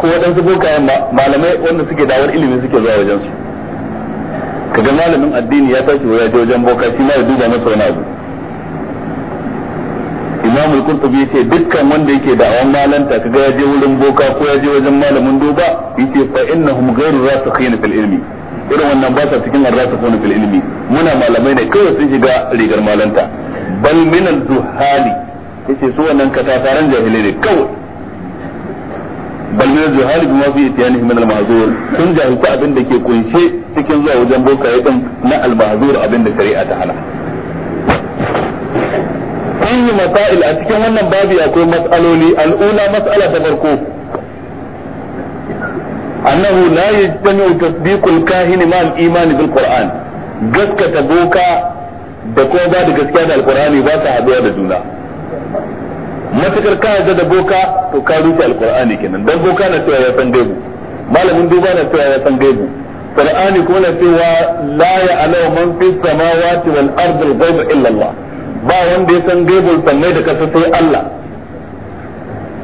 ko wadansu bokayen ba malamai wanda suke dawar ilimi suke zuwa wajen su kaga malamin addini ya tashi ya je wajen boka shi ma ya duba masa wani abu imam al-qurtubi yace dukkan wanda yake da awan malanta kaga ya je wurin boka ko ya je wajen malamin duba yace fa innahum ghayru rasikhina fil ilmi irin wannan ba sa cikin arrasikhuna fil ilmi muna malamai ne kawai sun shiga rigar malanta bal min al-duhali yace su wannan katafaran jahilai ne kawai bal min al-juhal bima fi itiyanihi min al-mahzur sun jahilta abin da ke kunshe cikin zuwa wajen bokaye din na al-mahzur abin da shari'a ta hana fihi masail a cikin wannan babi akwai mas'aloli al'ula mas'ala ta farko annahu la yajtami'u tasdiqul kahin ma al-iman bil qur'an gaskata boka da kuma ba da gaskiya da alqur'ani ba ta haɗuwa da juna matukar ka yarda da boka to ka rufe alqur'ani kenan dan boka na cewa ya san gaibu malamin duba na cewa ya san gaibu qur'ani kuma na cewa la ya'lamu man fis samawati wal ardi al ghaiba illa Allah ba wanda ya san gaibul sammai da kasa sai Allah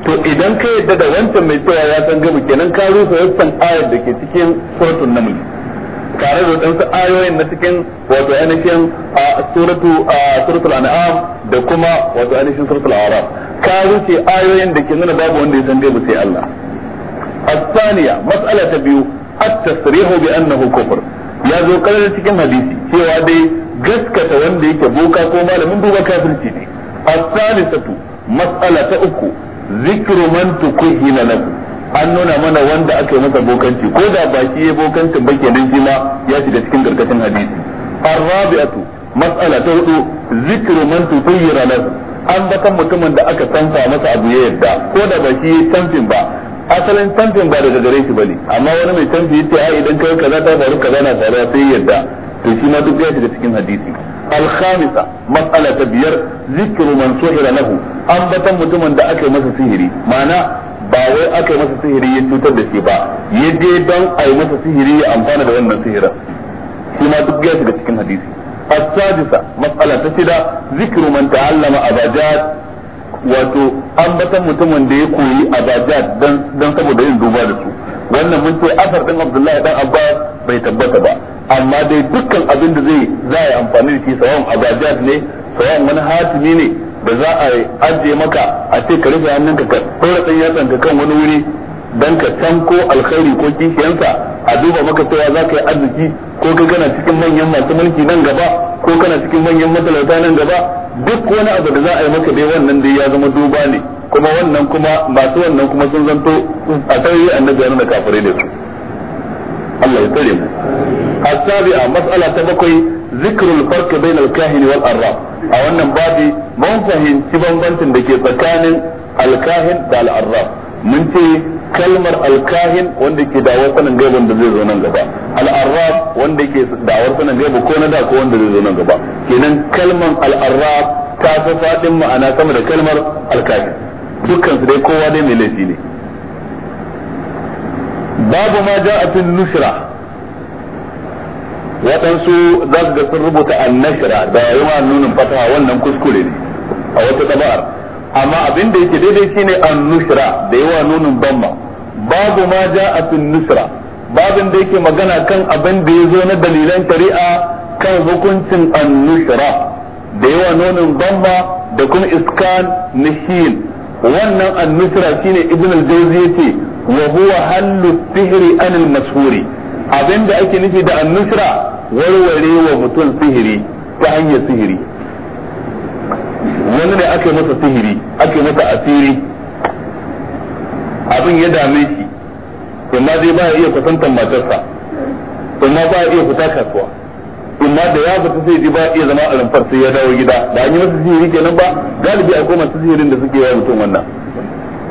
to idan ka yarda da wancan mai cewa ya san gaibu kenan ka rufe wancan ayar da ke cikin suratul naml tare da wadansu ayoyin na cikin wato ainihin suratu suratul an'am da kuma wato ainihin suratul araf ka wuce ayoyin da ke nuna babu wanda ya san ba sai Allah biyu مسألة بيو bi annahu kufr ya zo karar cikin hadisi cewa dai gaskata wanda yake boka ko malamin duba kafirci ne as-salisatu mas'ala ta uku zikru man tukhina lakum an nuna mana wanda aka yi masa bokanci ko da ba shi ya bokancin ba kenan shi ma ya shiga cikin karkashin hadisi arabiatu mas'ala ta hudu zikru man tutayyira lahu an kan mutumin da aka tanta masa abu ya yadda ko da ba shi ya tantin ba asalin tantin ba daga gare shi bane amma wani mai tantin yace ai idan kai kaza ta faru kaza na faruwa sai yadda to shi ma duk ya shiga cikin hadisi zikru man بير lahu an سحر kan mutumin da aka yi masa sihiri maana. ba wai aka yi masa sihiri ya cutar da shi ba ya je don a yi masa sihiri ya amfana da wannan sihirin shi ma duk ya shiga cikin hadisi ta ta zikiru man من halama أباجات wato an batan mutumin da ya koyi abajad don saboda yin duba da su wannan mun ce asar din abdullahi dan abbas bai tabbata ba amma dai dukkan abin da zai za a amfani da shi sawan abajat ne sawan wani hatimi ne da za a ajiye maka a ce ka rufe hannun ka tsora ɗan ka kan wani wuri dan ka san ko alkhairi ko kishiyansa a duba maka cewa za ka yi arziki ko kai kana cikin manyan masu mulki nan gaba ko kana cikin manyan matalauta nan gaba duk wani abu da za a yi maka dai wannan dai ya zama duba ne kuma wannan kuma masu wannan kuma sun zanto a tarihi annabi yana kafirai da su Allah ya tsare mu. a mas'ala ta bakwai zikrul farq bainal kahini wal arraf a wannan babi mun fahimci bambancin da ke tsakanin alkahin da al mun ce kalmar alkahin wanda ke da sanin gaibin da zai zo nan gaba al wanda ke da sanin gaibi ko na da ko wanda zai zo nan gaba kenan kalmar al-arraf ta fi fadin ma'ana sama da kalmar alkahin dukkan su dai kowa dai mai laifi ne babu ma ja'a fil nushra waɗansu za su ga sun rubuta annashra da yawa nunin fataha wannan kuskure ne a wata dabar amma abin da yake daidai shine annushra da yawa nunin bamma babu ma ja'a nusra babin da yake magana kan abin da ya zo na dalilan shari'a kan hukuncin annushra da yawa nunin bamma da kuma iskan nishin wannan annushra shine ibn al-jawzi yace wa huwa hallu sihri anil mashhuri Abin da ake nufi da annusra warware wa mutum sihiri ta hanyar sihiri wani ne aka masa sihiri aka masa asiri abin ya dame shi kuma zai ba iya kusantar matarsa kuma ba iya fita kasuwa kuma da ya fita sai ji ba iya zama a rumfar sai ya dawo gida da an yi masa sihiri kenan ba galibi akwai masu sihirin da suke yawa mutum wannan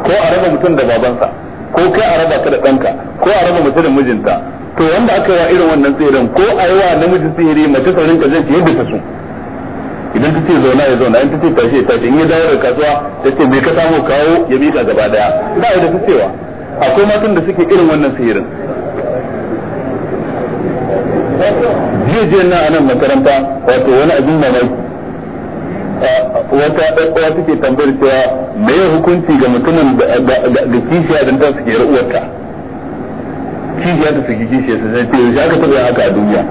ko a raba mutum da babansa ko kai a raba ka da ɗanka ko a raba mutum da mijinta to wanda aka yi irin wannan tsirin ko a yi wa namiji tsiri mace saurin ka zai yadda ta so idan ta ce zauna ya zauna in ta ce tashi ya tashi in ya dawo da kasuwa ta ce mai ka samu kawo ya miƙa gaba daya ba ya da ta cewa akwai matan da suke irin wannan sihirin jijiyar na anan makaranta wato wani abin mamaki wata ɗaɗɗawa take tambayar cewa me hukunci ga mutumin da kishiya don ta suke uwarta ya ta saki kishi ta sai ta yaushe aka taɓa haka a duniya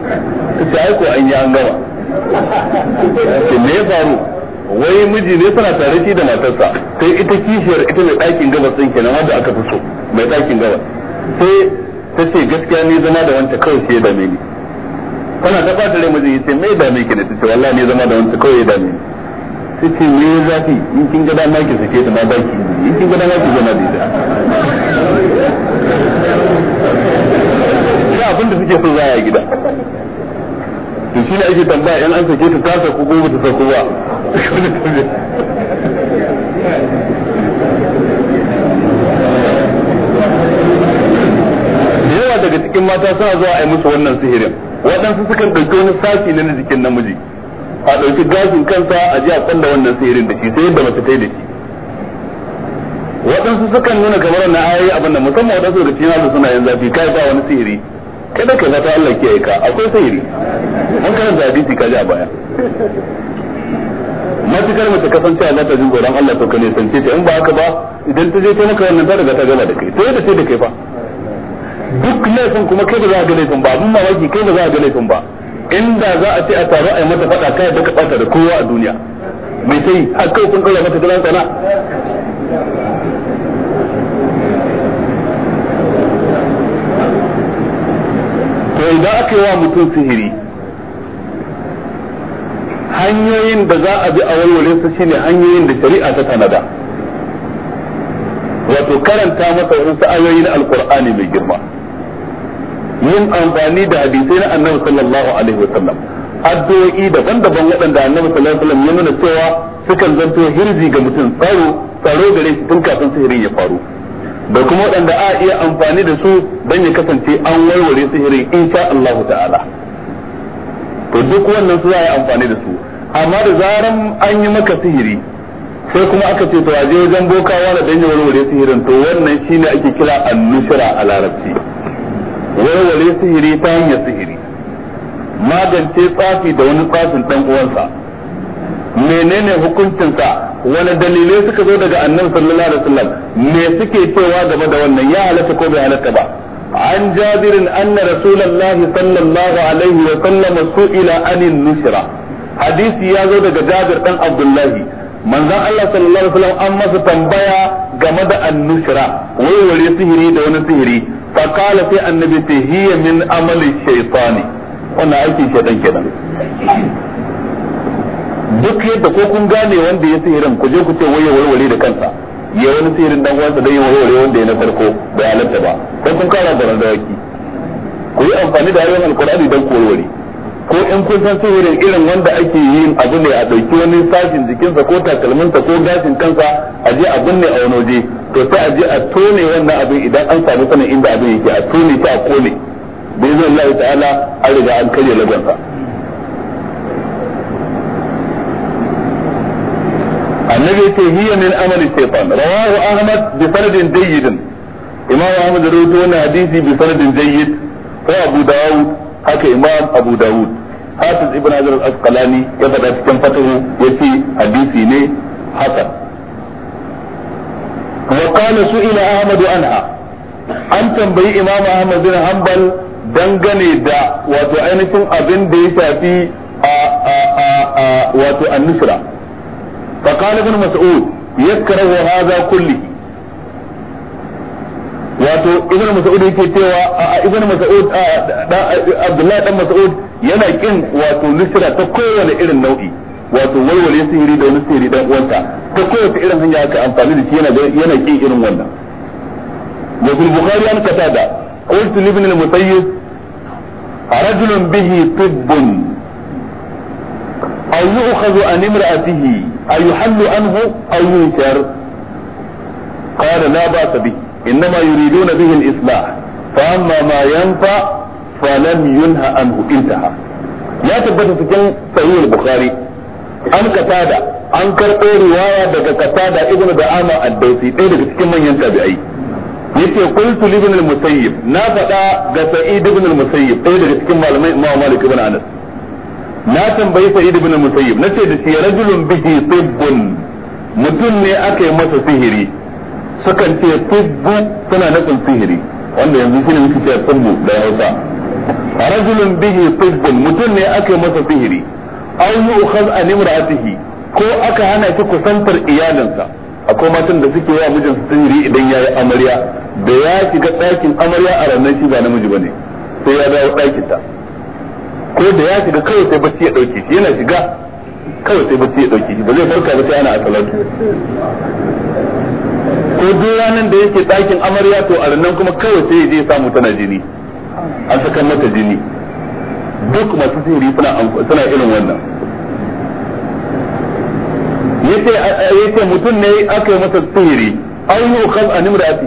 ta ce aiko an yi an gama ce me ya faru wai miji ne suna tare shi da matarsa sai ita kishiyar ita mai ɗakin gabas ɗin kenan wanda aka fi so mai ɗakin gabas sai ta ce gaskiya ni zama da wanta kawai sai ya dame ni tana ta ɓata rai mijin yace me dame ki ne ta ce wallahi ne zama da wanta kawai ya dame ni sai ce me zafi in kin ga dama ki sake ta na baki in kin gudan ki zauna da ita ya abinda suke so za gida to shi ne ake tambaya in an sake ta tasa ko gobe ta sako ba yawa daga cikin mata suna zuwa a yi musu wannan sihirin waɗansu sukan ɗauki wani sashi ne na jikin namiji a ɗauki gashin kansa a ji a kwalla wannan sihirin da shi sai yadda mace ta yi da shi waɗansu sukan nuna kamar na ayoyi abin da musamman waɗansu daga cikin halin suna yin zafi kai ba wani sihiri kada ka zata Allah ke ka akwai sihiri mun kana da hadisi ka a baya matukar mace kasance a zata jin tsoron Allah to ka ne sance ta in ba haka ba idan ta je ta maka wannan ta daga ta gama da kai to yadda ce da kai fa duk laifin kuma kai da za a ga laifin ba abin mamaki kai da za a ga laifin ba inda za a ce a taru a yi mata faɗa kai da ka ɓata da kowa a duniya mai sai a kai kun kalla mata galan sana idan aka yi wa mutum sihiri hanyoyin da za a bi a warware su shine hanyoyin da shari'a ta tanada wato karanta masa wasu ayoyi na alkur'ani mai girma yin amfani da hadisai na annabi sallallahu alaihi wasallam addu'o'i daban-daban waɗanda annabi sallallahu alaihi wasallam ya nuna cewa sukan zanto hirji ga mutum tsaro tsaro gare shi tun kafin sihirin ya faru da kuma waɗanda a iya amfani da su don ya kasance an warware sihirin insha Allah ta'ala to duk wannan su za a yi amfani da su amma da zaran an yi maka sihiri sai kuma aka ce to waje wajen bokawa da dan ya warware sihirin to wannan shine ake kira annushira a larabci warware sihiri ta hanyar sihiri magance tsafi da wani tsafin dan uwansa menene hukuncinsa wani dalilai suka zo daga annabi sallallahu alaihi wasallam me suke cewa game da wannan ya halatta ko bai halatta ba an jabirin anna rasulullahi sallallahu alaihi wa sallam su'ila anin nushra hadisi ya zo daga jabir dan abdullahi manzon Allah sallallahu alaihi wasallam an masa tambaya game da annushra waiware sihiri da wani sihiri fa qala sai annabi ta hiya min amali shaytani wannan aikin shaytan kenan duk yadda ko kun gane wanda ya sihirin ku je ku ce waye walwale da kansa ya wani sihirin dan uwansa dai ya walwale wanda ya na farko bai halatta ba ko kun kara da ran dawaki ku yi amfani da ayoyin alkurani dan ku walwale ko in kun san sihirin irin wanda ake yin abu ne a dauki wani sashin jikinsa ko takalminsa ko gashin kansa a je a binne a wani waje to sai a je a tone wannan abin idan an samu sanin inda abin yake a tone ta a kone bai zai Allah ta'ala an riga an kare lagonsa annabi yace hiya min rawa shaytan rawahu ahmad bi sanadin jayyid imam ahmad da rawaito wannan hadisi bi sanadin jayyid ko abu daud haka imam abu daud hafiz ibn hajar al-asqalani ya faɗa cikin fatahu yace hadisi ne haka wa qala an tambayi imam ahmad bin hanbal dangane da wato ainihin abin da ya shafi a wato an-nusra فقال ابن مسعود يكره هذا كله wato ibn mas'ud yake cewa a ibn mas'ud abdullahi dan mas'ud yana kin wato nisra ta kowane irin nau'i wato walwale sihiri da wani sihiri dan uwanka ta kowace irin hanya aka amfani da shi yana yana kin irin wannan wa fil bukhari an katada qultu li ibn al-musayyib rajulun bihi tibbun aw yu'khadhu an imra'atihi أيحل عنه أو ينكر قال لا بأس به إنما يريدون به الإصلاح فأما ما ينفع فلم ينهى عنه انتهى لا تبدأ في صحيح البخاري أم كتادة أم كرقوا رواية بك كتادة ابن دعامة الدوسي إذا إيه كتكم من ينكى بأي يتي قلت لابن المسيب نافقا قسعيد ابن المسيب إذا إيه كتكم مع مالك ابن أنس na tambayi sa'id ibn musayyib nace da shi rajulun bihi tibbun mutum ne aka yi masa sihiri sukan ce tibbu suna nufin sihiri wanda yanzu shine muke cewa tibbu da Hausa rajulun bihi tibbun mutum ne aka yi masa sihiri aw yu'khadh an imra'atihi ko aka hana shi kusantar iyalinsa akwai matan da suke yawa mijinsu sihiri idan ya yi amarya da ya shiga ɗakin amarya a ranar shi ba namiji ba ne sai ya dawo dakin ta ko da ya shiga kawai sai bacci ya dauke shi yana shiga kawai sai bacci ya dauke shi ba zai farka ba sai ana asalatu ko duk ranar da yake dakin amarya to a ranar kuma kawai sai zai je samu tana jini an saka mata jini duk masu sihiri suna suna irin wannan yace yace mutum ne aka yi masa sihiri an yi khaz an imrati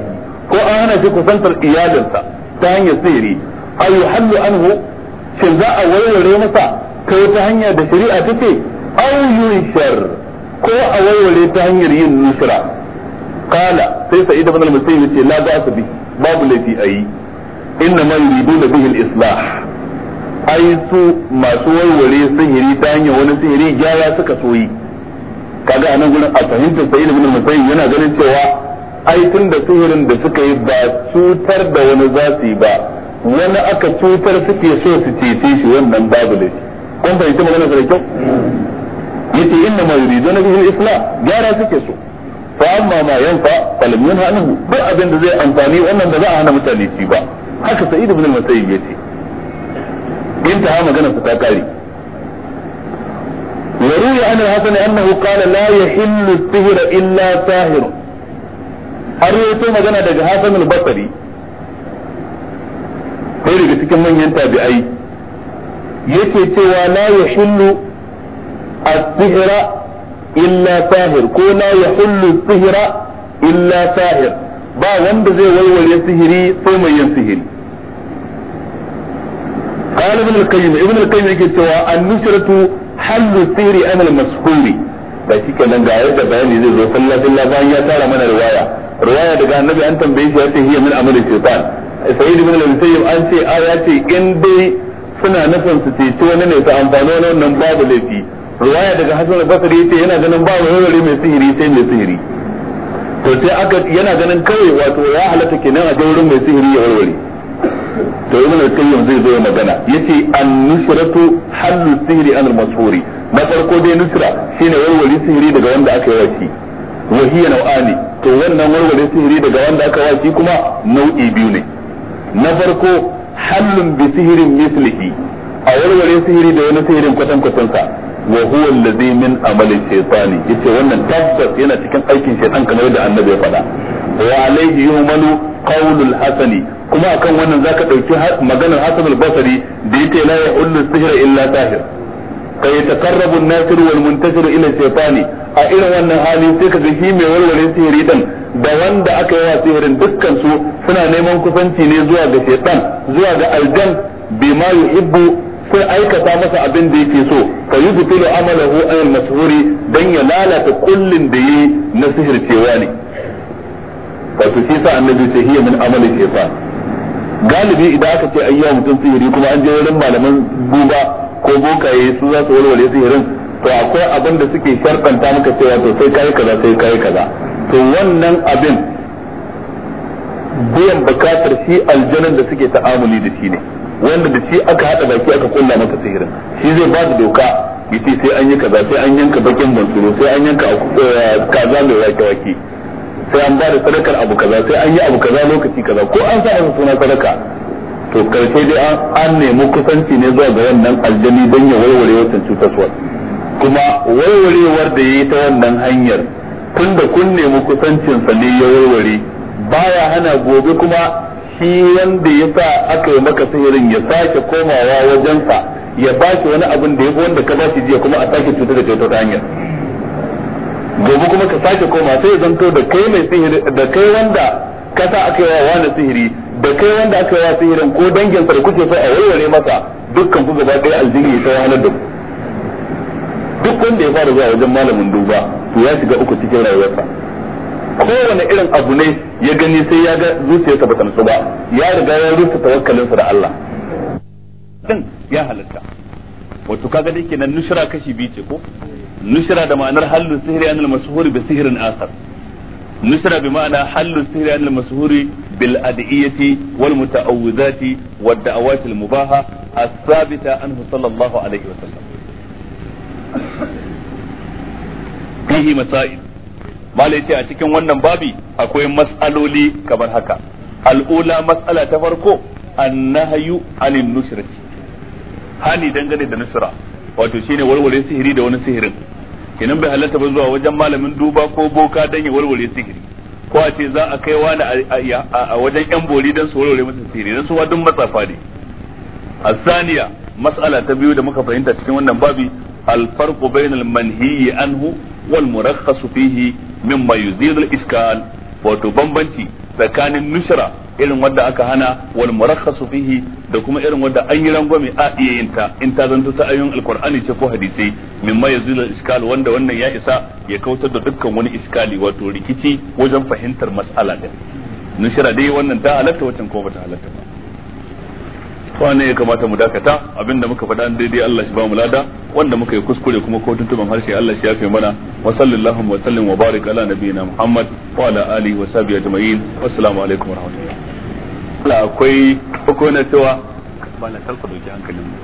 ko an hana shi kusantar iyalinsa ta hanyar sihiri ayu hallu anhu shin za a warware masa ta wata hanya da shari'a ta ce au yunshar ko a warware ta hanyar yin nushra kala sai sa'id ibn al-musayyib ce la za su bi babu laifi ayi inna ma yuriduna bihi al-islah ai su masu warware sihiri ta hanyar wani sihiri gyara suka soyi kaga anan gurin a fahimtar sa'id ibn al-musayyib yana ganin cewa ai tun da sihirin da suka yi ba cutar da wani za su yi ba wani aka cutar suke so su cece shi wannan babu ne kun bai ta magana da kyau yace inna ma yuriduna bihi al isla. gyara suke so fa amma ma fa falam yunha anhu duk abin da zai amfani wannan da za a hana mutane ci ba haka sa'id ibn al-musayyib yace انتهى مجانا فتاكاري وروي عن الحسن انه قال لا يحل الطهر الا طاهر أرويته مجانا دجا حسن البصري ɗaya daga cikin manyan tabi'ai yake cewa la yahillu a sihira illa sahir ko la ya as sihira illa sahir ba wanda zai warware sihiri sai mai yin sihiri قال ابن القيم ابن القيم يقول النشرة حل السحر أمر مسحور da shi kenan ga yadda bayani zai zo sallah bayan ya tara mana riwaya riwaya daga annabi an tambaye shi ya ce hiya min amali shaytan sai da al-musayyib an ce aya ce in dai suna nufin su ceci wani ne su amfani wani wannan babu laifi riwaya daga hasan al-basri yace yana ganin babu wani mai sihiri sai mai sihiri to sai aka yana ganin kai wato ya halatta kenan a wurin mai sihiri ya warware to ibn al-qayyim zai zo magana yace an-nusratu halu sihri an al-mashhuri na farko dai nusra shine warware sihiri daga wanda aka yi wa hiya nau'ani to wannan warware sihiri daga wanda aka yi kuma nau'i biyu ne na farko hallun bi sihirin mislihi a warware sihiri da wani sihirin kwatan kwatan sa wa huwa allazi min amali shaytani yace wannan tabbas yana cikin aikin shaytan kamar da annabi ya faɗa wa alayhi yumalu qawlul hasani kuma akan wannan zaka dauki maganar hasan al-basri da yace la yahullu sihra illa tahir kai yataqarrabu an-nasir wal muntasir ila shaytani a irin wannan hali sai ka ga shi mai warware sihiri din da wanda aka yi wa sihirin dukkan su suna neman kusanci ne zuwa ga shaitan zuwa ga aljan bima yuhibbu sai aikata masa abin da yake so fa yubtilu amalahu ayal mashhuri dan ya lalata kullin da yi na sihircewa ne wato shi sa annabi ce hiya min amali shaytan galibi idan aka ce wa mutum sihiri kuma an je wurin malaman buba ko bokaye su za su warware sihirin to akwai abin da suke sharɗanta maka cewa to sai kai kaza sai kai kaza to wannan abin biyan bukatar shi aljanan da suke ta'amuli da shi ne wanda da shi aka hada baki aka kulla maka sihirin shi zai ba da doka yace sai an yi kaza sai an yanka bakin bansuro sai an yanka eh, kaza mai wake wake sai an ba da sadakar abu kaza sai an yi abu kaza lokaci kaza ko an sa masa suna sadaka to karshe dai an nemi kusanci ne zuwa ga wannan aljani don ya warware wancan cutarwa kuma warwarewar da yayi ta wannan hanyar tunda kun nemi kusancin sa ne ya warware baya hana gobe kuma shi wanda ya sa aka yi maka sihirin ya sake komawa wajen sa ya baki wani abin da ya wanda ka bashi jiya kuma a sake cutar da cutar ta hanyar gobe kuma ka sake koma sai zanto da kai mai sihiri da kai wanda ka sa aka yi wa sihiri da kai wanda aka yi wa sihirin ko dangin sa da kuke so a warware masa dukkan ku gaba ɗaya aljini ya wahalar da ku duk wanda ya fara zuwa wajen malamin duba to ya shiga uku cikin rayuwarsa kowane irin abu ne ya gani sai ya ga zuciyarsa ba tansu ba ya riga ya rufe tawakkalinsa da Allah din ya halatta wato kaga dai kenan nushra kashi biyu ce ko nushra da ma'anar hallu sihri anil mashhur bi sihrin asar nushra bi ma'ana hallu sihri anil mashhur bil adiyati wal muta'awwidati wad da'awati al mubaha as-sabita anhu sallallahu alaihi wasallam fihi masail malai ce a cikin wannan babi akwai mas'aloli kamar haka al'ula mas'ala ta farko annahyu alin nusrati hani dangane da nusra wato shine warware sihiri da wani sihirin kenan bai halatta ba zuwa wajen malamin duba ko boka dan ya warware sihiri ko a ce za a kai wani a wajen yan bori dan su warware masa sihiri dan su wa duk matsafa ne asaniya mas'ala ta biyu da muka fahimta cikin wannan babi الفرق بين المنهي عنه والمرخص فيه مما يزيد الإشكال وتبنبنتي فكان النشرة irin wadda aka hana wal murakhasu fihi da kuma irin wadda an yi rangwame a iya yin ta in ta zanto ta ayoyin alqur'ani ce ko hadisi mimma yazil iskal wanda wannan ya isa ya kautar da dukkan wani iskali wato rikici wajen fahimtar mas'ala din dai wannan ta halatta wancan ko bata halatta ba wannan ya kamata mu dakata abinda muka faɗa daidai Allah shi ba mu lada wanda muka yi kuskure kuma ko tuntuban harshe Allah shi ya fi mana wa sallallahu wa sallim wa barik ala nabiyina Muhammad wa ala alihi wa sahbihi ajma'in assalamu alaikum wa rahmatullahi Allah akwai hukunci na cewa ba na karka doki hankalin mu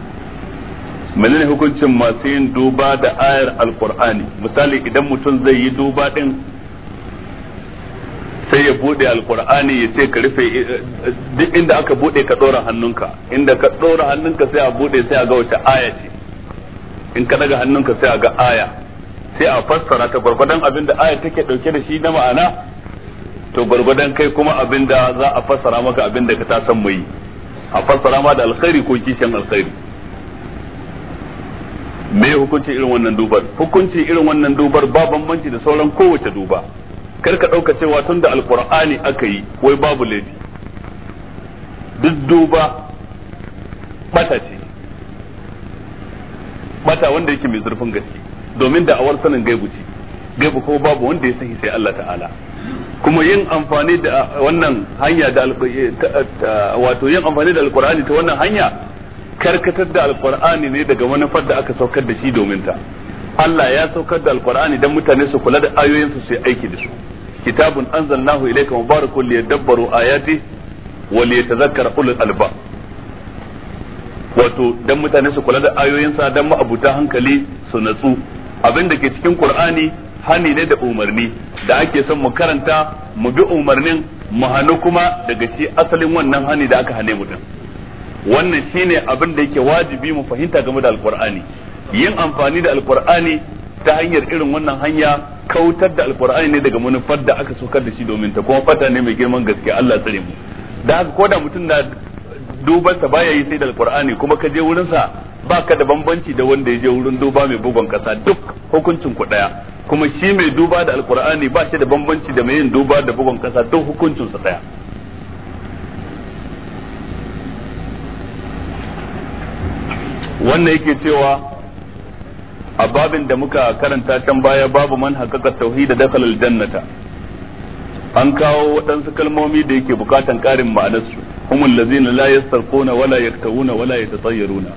menene hukuncin masu yin duba da ayar alqur'ani misali idan mutum zai yi duba din sai ya bude alkur'ani ya ce ka rufe eh, duk inda aka bude ka dora hannunka inda ka dora hannunka sai a bude sai a ga wata aya ce in ka daga hannunka sai a ga aya sai a fassara ta gwargwadon abin da aya take dauke da shi na ma'ana to gwargwadon kai kuma abin da za a fassara maka abin da ka ta san mai a fassara ma da alkhairi ko kishin alkhairi me hukunci irin wannan dubar hukunci irin wannan dubar ba bambanci da sauran kowace duba karka ɗauka cewa tun da alkur'ani aka yi wai babu laifi duk duba bata ce bata wanda yake mai zurfin gaske domin da awar sanin gaibu ce gaibu ko babu wanda ya sahi sai Allah ta'ala kuma yin amfani da wannan hanya da eh, wato yin amfani da alkur'ani ta wannan hanya karkatar da alkur'ani ne daga manufar da aka saukar da shi domin ta Allah ya saukar da alkur'ani don mutane su kula da ayoyinsu su yi aiki da su kitabun أنزلناه إليك مبارك ليدبروا ayati وليتذكر liyatadhakkara ulul wato dan mutane su kula da ayoyin sa dan ma'abuta hankali su natsu abinda ke cikin qur'ani hani ne da umarni da ake son mu karanta mu bi umarnin mu hanu kuma daga shi asalin wannan hani da aka hane mu wannan shine abin da yake wajibi mu fahimta game da alqur'ani yin amfani da alqur'ani ta hanyar irin wannan hanya kautar da alkur'ani ne daga manufar da aka sokar da shi domin ta kuma fata ne mai girman gaske Allah tsare mu da haka da mutum na duban ba baya yi sai da alkur'ani kuma ka je wurin sa baka da bambanci da wanda ya je wurin duba mai bugon kasa duk hukuncin ku daya kuma shi mai duba da alkur'ani ba shi da bambanci da mai yin duba da bugon kasa duk hukuncin sa daya wannan yake cewa a babin da muka karanta can baya babu man haƙaƙa tauhida da dakhalal jannata an kawo waɗansu kalmomi da yake buƙatan ƙarin ma'anarsu humul lazina la yastarquna wala yaktawuna wala yatatayyaruna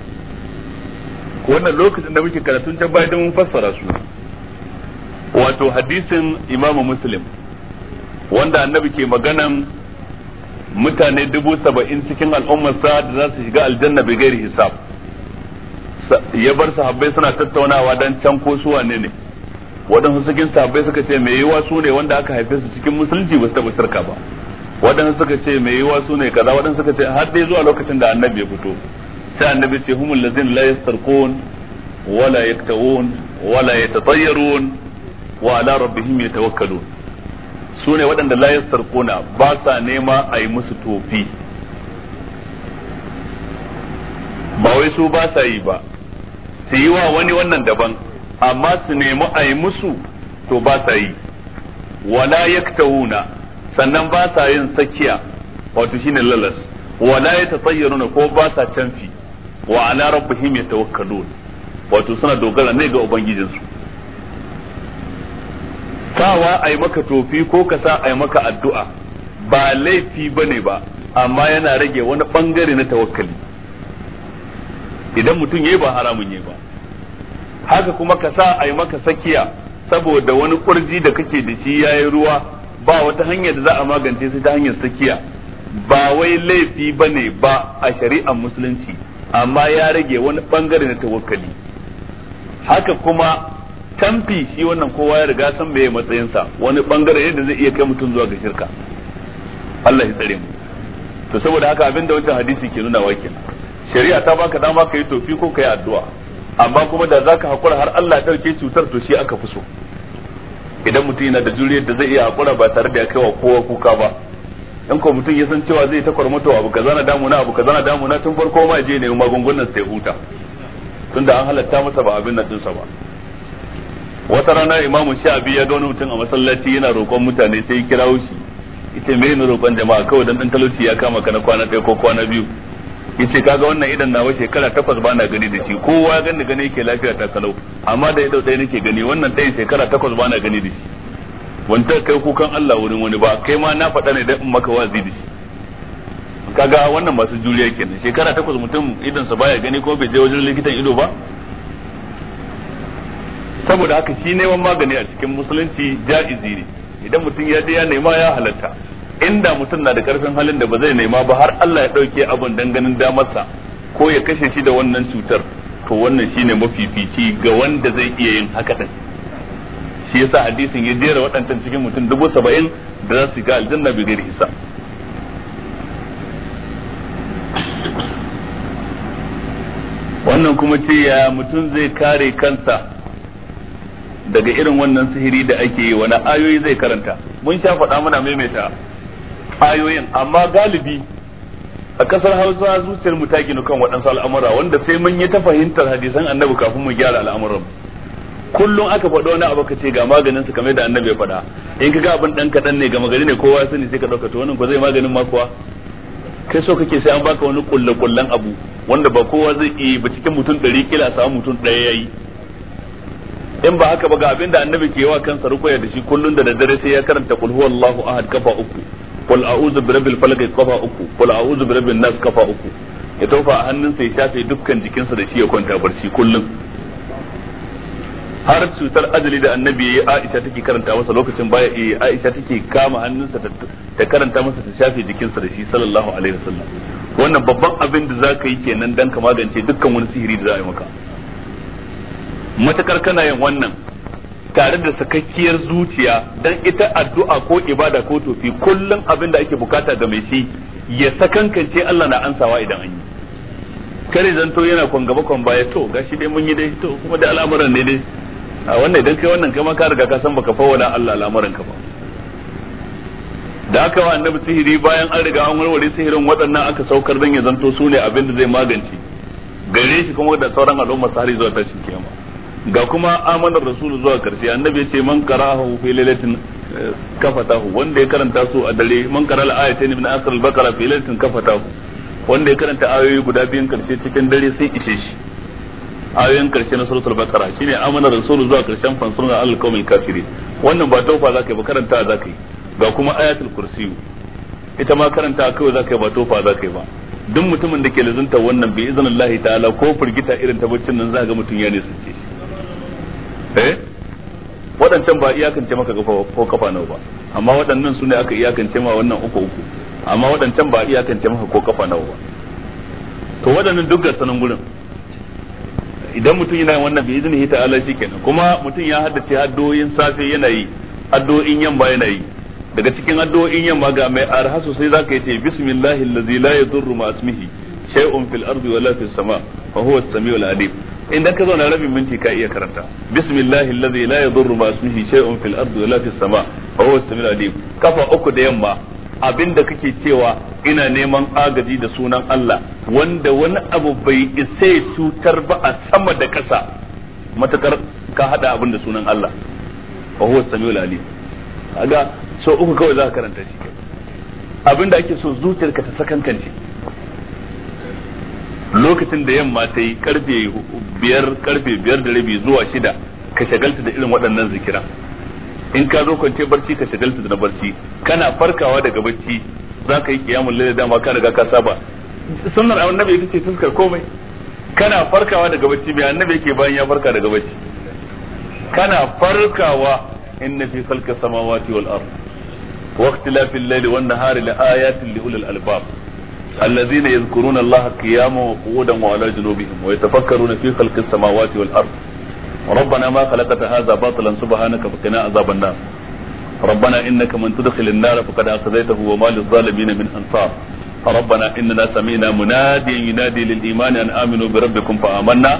wannan lokacin da muke karatun can baya mun fassara su wato hadisin Imam Muslim wanda annabi ke maganan mutane dubu saba'in cikin al'ummarsa da za su shiga aljanna bai gairi hisab ya bar sahabbai suna tattaunawa dan can ko su wane ne wadansu cikin sahabbai suka ce mai yiwa su ne wanda aka haife su cikin musulunci ba su taɓa shirka ba wadansu suka ce mai yiwa su ne kaza wadansu suka ce har dai zuwa lokacin da annabi ya fito sai annabi ce humul ladzin la yastarqun wala yaktawun wala yatatayyarun wa ala rabbihim yatawakkalun su ne waɗanda la yastarquna ba sa nema a yi musu tofi ba wai su ba sa yi ba su yi wa wani wannan daban amma su nemi a yi musu to ba sa yi wala yaktawuna sannan ba sa yin sakiya wato shine lalas wala ya nuna ko ba sa canfi wa ala rabbihim yatawakkalun wato suna dogara ne ga ubangijinsu sawa yi maka tofi ko ka sa a yi maka addu'a ba laifi bane ba amma yana rage wani ɓangare na tawakkali idan mutum yayi ba haramun yayi ba haka kuma ka sa a yi maka sakiya saboda wani kurji da kake da shi yayi ruwa ba wata hanya da za a magance su ta hanyar sakiya ba wai laifi bane ba a shari'ar musulunci amma ya rage wani bangare na tawakkali haka kuma tamfi shi wannan kowa ya riga san meye matsayinsa wani bangare yadda zai iya kai mutum zuwa ga shirka Allah ya tsare mu to saboda haka abinda wancan hadisi ke nuna wa kenan shari'a ta baka dama ka yi tofi ko ka yi addu'a amma kuma da zaka hakura har Allah ya dauke cutar to shi aka fi so idan mutum yana da juriyar da zai iya hakura ba tare da ya kaiwa kowa kuka ba in ko mutum ya san cewa zai ta kwarmato abu kaza na damuna abu kaza na damuna tun farko ma je ne magungunan sai huta tunda an halatta masa ba abin nan dinsa ba wata rana imamu sha'abi ya wani mutum a masallaci yana roƙon mutane sai ya kirawo shi ita me ne roƙon jama'a kawai dan dan talauci ya kama ka na kwana ɗaya ko kwana biyu yace kaga wannan idan nawa shekara takwas ba na gani da shi kowa ya gani gani yake lafiya ta kalau amma da ido ɗaya nake gani wannan ɗayan shekara takwas ba na gani da shi wanda kai kukan Allah wurin wani ba kai ma na faɗa ne dan in maka wazi da shi kaga wannan masu juriya kenan shekara takwas mutum idan sa baya gani ko bai je wajen likitan ido ba saboda haka shi neman magani a cikin musulunci ja'izi ne idan mutum ya je ya nema ya halatta inda mutum na da karfin halin da ba zai nema ba har Allah ya ɗauke abin danganin damarsa ko ya kashe shi da wannan cutar to wannan shine mafifici ga wanda zai iya yin haka din shi yasa hadisin ya jera waɗancan cikin mutum dubu saba'in da za su ga aljanna bi gari hisa wannan kuma ce ya mutum zai kare kansa daga irin wannan sihiri da ake yi wani ayoyi zai karanta mun sha faɗa muna maimaita ayoyin amma galibi a kasar hausa zuciyar mu ta ginu kan waɗansu al'amura wanda sai mun yi ta fahimtar hadisan annabi kafin mu gyara al'amuran kullum aka faɗo wani abu ka ce ga maganin su kamar da annabi ya faɗa in ka ga abin dan kaɗan ne ga magani ne kowa sani sai ka ɗauka to wannan ko zai maganin ma kuwa kai so kake sai an baka wani kullu kullan abu wanda ba kowa zai yi ba cikin mutum ɗari kila a samu mutum ɗaya yayi in ba haka ba ga abin da annabi ke wa kansa rukwaya da shi kullum da daddare sai ya karanta kul wallahu ahad kafa uku qul a'udhu birabbil falaq kafa uku qul a'udhu birabbin nas kafa uku ya tofa a hannunsa ya shafe dukkan jikinsa da shi ya kwanta barci kullum har cutar ajali da annabi yayi Aisha take karanta masa lokacin baya eh Aisha take kama hannunsa ta karanta masa ta shafe jikinsa da shi sallallahu alaihi wasallam wannan babban abin da zaka yi kenan dan ka magance dukkan wani sihiri da za a yi maka matakar kana yin wannan tare da sakakkiyar zuciya dan ita addu'a ko ibada ko tofi kullum abin da ake bukata ga mai shi ya sakankance Allah na ansawa idan an yi kare zanto yana kon gaba kon baya to gashi dai mun yi dai to kuma da al'amuran ne dai a wannan idan kai wannan kai ma ka riga ka san baka fawwala Allah al'amuran ka ba da aka wa annabi sihiri bayan an riga an warware sihirin waɗannan aka saukar dan ya zanto su ne abin da zai magance gare shi kuma da sauran al'umma har zuwa tashin kiyama ga kuma amanar rasulu zuwa karshe annabi ya ce man karahu fi lailatin eh, kafatahu wanda ya karanta su a dare man qara al-ayatayn min asr al-baqara fi lailatin kafatahu wanda ya karanta ayoyi guda biyun karshe cikin dare sai ishe shi ayoyin karshe na suratul baqara shine amanar rasulu zuwa karshen fansurun al-qawmil kafirin wannan ba tofa zakai ba karanta zakai ga kuma ayatul kursi ita ma karanta kawai zakai ba tofa zakai ba duk mutumin da ke lazunta wannan bi iznillahi ta'ala ko furgita irin ta nan zaka ga mutun ya nisance shi eh waɗancan ba iyakance maka kafa ko kafa nawa ba amma waɗannan su ne aka iyakance ma wannan uku uku amma waɗancan ba iyakance maka ko kafa nawa ba to waɗannan duk ga sanan gurin idan mutum yana yin wannan bi izini ta'ala shikenan kuma mutum ya haddace addoyin safe yana yi addoyin yamma yana yi daga cikin addoyin yamma ga mai arhasu sai zaka yi ce bismillahi allazi la yadurru ma ismihi shay'un fil ardi wala fis sama fa huwa as-sami'ul alim idan ka zauna rabin minti ka iya karanta bismillahi alladhi la yadurru ma ismihi shay'un fil ardi wala fis sama fa huwa as-sami'ul alim kafa uku da yamma abinda kake cewa ina neman agaji da sunan Allah wanda wani abu bai isa cutar ba a sama da kasa matakar ka hada abinda sunan Allah fa huwa samiul alim kaga so uku kawai za ka karanta shi abinda ake so zuciyarka ta ce. lokacin da yamma ta yi karfe biyar karfe biyar da rabi zuwa shida ka shagalta da irin waɗannan zikira in ka zo kwance barci ka shagalta da na barci kana farkawa daga barci za ka yi kiyamun lalle dama ka riga ka saba sunnar annabi ita ce fuskar komai kana farkawa daga barci mai annabi yake bayan ya farka daga barci kana farkawa inna fi khalqis samawati wal ard wa ikhtilafil layli wan nahari la ayatin li ulil albab الذين يذكرون الله قياما وقعودا وعلى جنوبهم ويتفكرون في خلق السماوات والارض ربنا ما خلقت هذا باطلا سبحانك فقنا عذاب النار ربنا انك من تدخل النار فقد اخذيته وما للظالمين من انصار ربنا اننا سمينا مناديا ينادي للايمان ان امنوا بربكم فامنا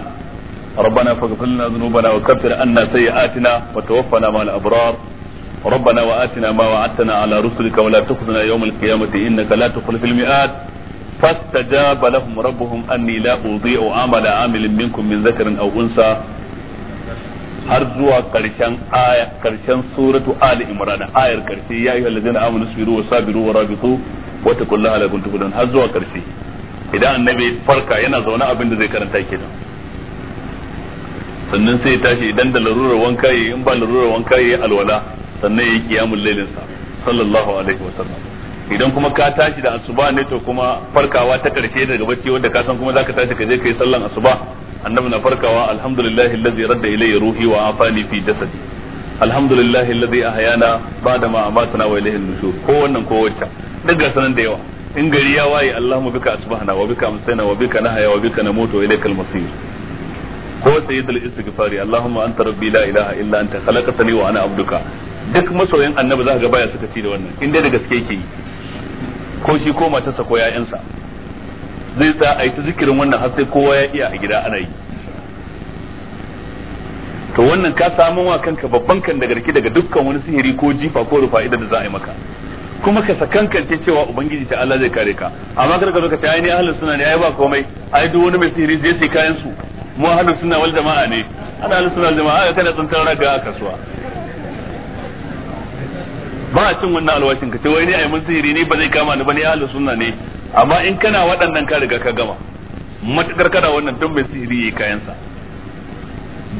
ربنا فاغفر لنا ذنوبنا وكفر عنا سيئاتنا وتوفنا مع الابرار ربنا واتنا ما وعدتنا على رسلك ولا تخزنا يوم القيامه انك لا تخلف المئات فاستجاب لهم ربهم أني لا أضيع عمل عامل منكم من ذكر أو أنثى har zuwa karshen aya karshen suratu ali imran ayar karshe ya ayyuha allazina amanu sabiru wa sabiru wa rabitu wa taqullaha la kuntum har zuwa karshe idan annabi farka yana zaune abin da zai karanta kenan sannan sai ya tashi idan da larurar wanka yayi in ba larurar wanka yayi alwala sannan yayi qiyamul lailin sa sallallahu alaihi idan kuma ka tashi da asuba ne to kuma farkawa ta karshe daga bacci wanda ka san kuma zaka tashi ka je kai sallan asuba annabi na farkawa alhamdulillahi allazi radda ilayya ruhi wa afani fi jasadi alhamdulillahi allazi ahyana ba'da ma amatana wa ilayhi nushur ko wannan ko wacce duk ga sanan da yawa in gari ya waye allahumma bika asbahna wa bika amsayna wa bika nahaya wa bika namutu wa ilaykal masir ko sayyidul istighfari allahumma anta rabbi la ilaha illa anta khalaqtani wa ana abduka duk masoyan annabi zaka ga baya suka ci da wannan in dai da gaske yake yi ko shi ko matarsa ko yayansa zai tsaya a yi ta zikirin wannan har sai kowa ya iya a gida ana yi to wannan ka samu wa kanka babban kan daga daga dukkan wani sihiri ko jifa ko rufa idan da za a yi maka kuma ka ce cewa ubangiji ta Allah zai kare ka amma kada ka zo ka ce ai ni ahlus sunna ne ai ba komai ai duk wani mai sihiri zai sai kayan su mu ahlus sunna wal jama'a ne ana ahlus sunna wal jama'a kana tsantar raga a kasuwa ba a cin wannan alwashin ka ce wai ni ai mun sihiri ni ba zai kama ni ba ni ahlus sunna ne amma in kana waɗannan ka riga ka gama matakar kana wannan don mai sihiri yayi kayansa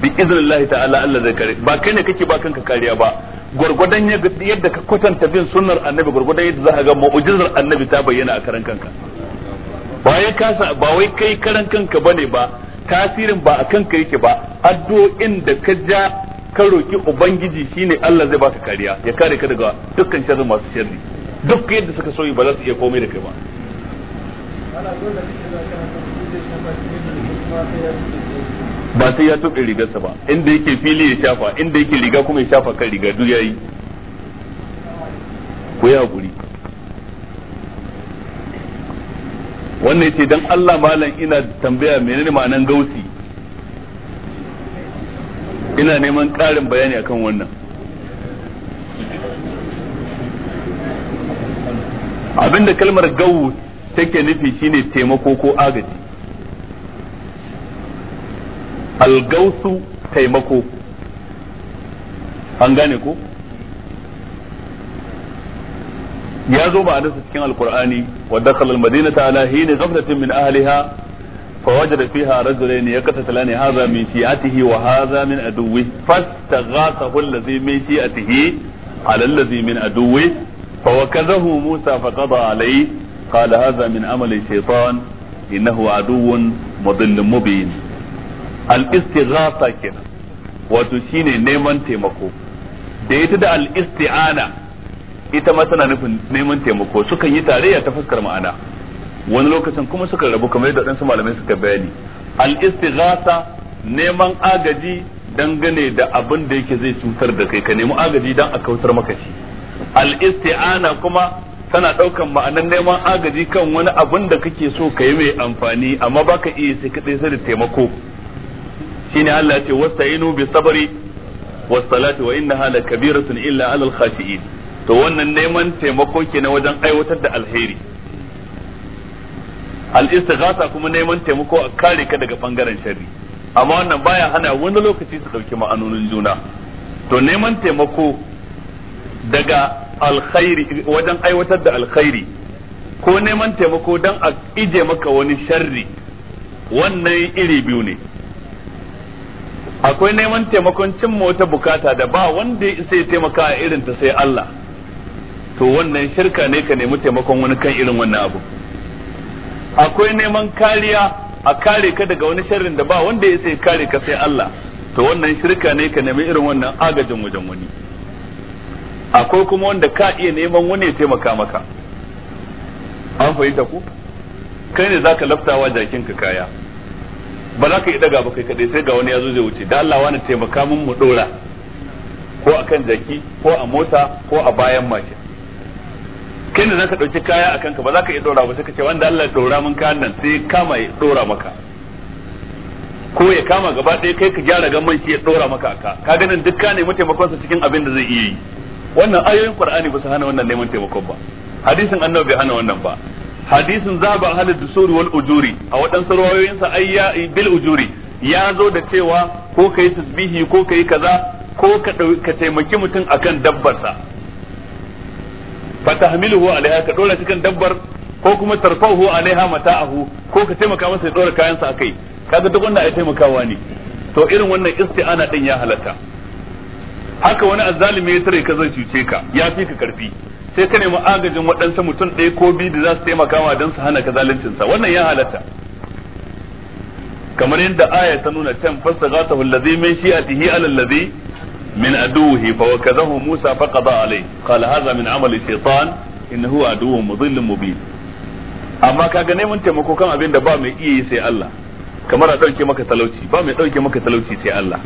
bi iznillahi ta'ala Allah zai kare ba kai ne kake ba kanka kariya ba gurgudan yadda ka kwatanta bin sunnar annabi gurgudan yadda za ka ga mu'jizar annabi ta bayyana a karan kanka ba ya kasa ba wai kai karan kanka bane ba tasirin ba a kanka yake ba addu'o'in da ka ja ka roki ubangiji shine Allah zai baka kariya ya kare ka daga dukkan sharri masu sharri duk yadda suka soyi ba za su iya komai da kai ba ba sai ya tuɓe rigarsa ba inda yake fili ya shafa inda yake riga kuma ya shafa kan riga duk yayi ku ya guri wannan yace dan Allah malam ina tambaya menene ma'anan gausi ina neman ƙarin bayani akan wannan abinda kalmar gawu take nufi shine taimako ko agaji algausu taimako an gane ko ya zo ba a cikin alkur'ani wa dakhala almadinata ala hina min ahliha فوجد فيها رجلين يقتتلان هذا من شيعته وهذا من عدوه فاستغاثه الذي من شيعته على الذي من عدوه فوكزه موسى فقضى عليه قال هذا من عمل الشيطان انه عدو مضل مبين الاستغاثه كده wato shine neman taimako da ita da al-isti'ana ita ma tana nufin neman taimako sukan yi tarayya ta fuskar ma'ana wani lokacin kuma suka rabu kamar yadda ɗansu malamai suka bayani al-istighatha neman agaji dangane da abin da yake zai cutar da kai ka nemi agaji dan a kautar maka shi al-isti'ana kuma tana ɗaukan ma'anar neman agaji kan wani abin da kake so ka yi mai amfani amma baka iya sai kadai sai da taimako shine Allah ya ce wasta'inu bi sabri was salati wa innaha lakabiratun illa alal khashi'in to wannan neman taimako kenan wajen aiwatar da alheri al-istighatha kuma neman taimako a kare ka daga bangaren sharri amma wannan baya hana wani lokaci su dauki ma'anonin juna to neman taimako daga alkhairi wajen aiwatar da alkhairi ko neman taimako don a ije maka wani sharri wannan iri biyu ne akwai neman taimakon cimma wata bukata da ba wanda ya isa ya taimaka a irin ta sai Allah to wannan shirka ne ka nemi taimakon wani kan irin wannan abu akwai neman kariya a kare ka daga wani sharrin da ba wanda ya sai kare ka sai Allah to wannan shirka ne ka nemi irin wannan agajin wajen wani akwai kuma wanda ka iya neman wani ya taimaka maka an fahimta ku kai ne zaka laftawa jakin ka kaya ba za ka yi daga ba kai kadai sai ga wani ya zo zai wuce da Allah wani taimaka mun mu dora ko akan jaki ko a mota ko a bayan mashin kai ne zaka dauki kaya a kanka ba za ka iya dora ba sai ka ce wanda Allah ya dora min kayan nan sai kama ya dora maka ko ya kama gaba ɗaya kai ka gyara gamman shi ya dora maka aka ka ganin duk ka nemi taimakon sa cikin abin da zai iya yi wannan ayoyin qur'ani ba su hana wannan neman taimakon ba hadisin annabi bai hana wannan ba hadisin zaba ahlud dusuri wal ujuri a waɗansu rawayoyin sa ayya bil ujuri ya zo da cewa ko kai tasbihi ko kai kaza ko ka taimaki mutum akan dabbarsa fa tahmiluhu alaiha ka dora cikin dabbar ko kuma tarfahu alaiha mata'ahu ko ka taimaka masa ya dora kayansa akai kaga duk wannan ai taimakawa ne to irin wannan isti'ana din ya halatta haka wani azzalimi ya tare ka zai cuce ka ya fi ka karfi sai ka nemi agajin waɗansa mutum ɗaya ko biyu da za su taimaka ma don su hana ka zaluncinsa wannan ya halatta kamar yadda aya ta nuna can fassagatahu allazi min shi'atihi alal ladhi من عدوه فوكذه موسى فقضى عليه قال هذا من عمل الشيطان إنه عدو مضل مبين amma kaga neman taimako kan abin da ba mai iya yi sai Allah kamar a ɗauke maka talauci ba mai ɗauke maka talauci sai Allah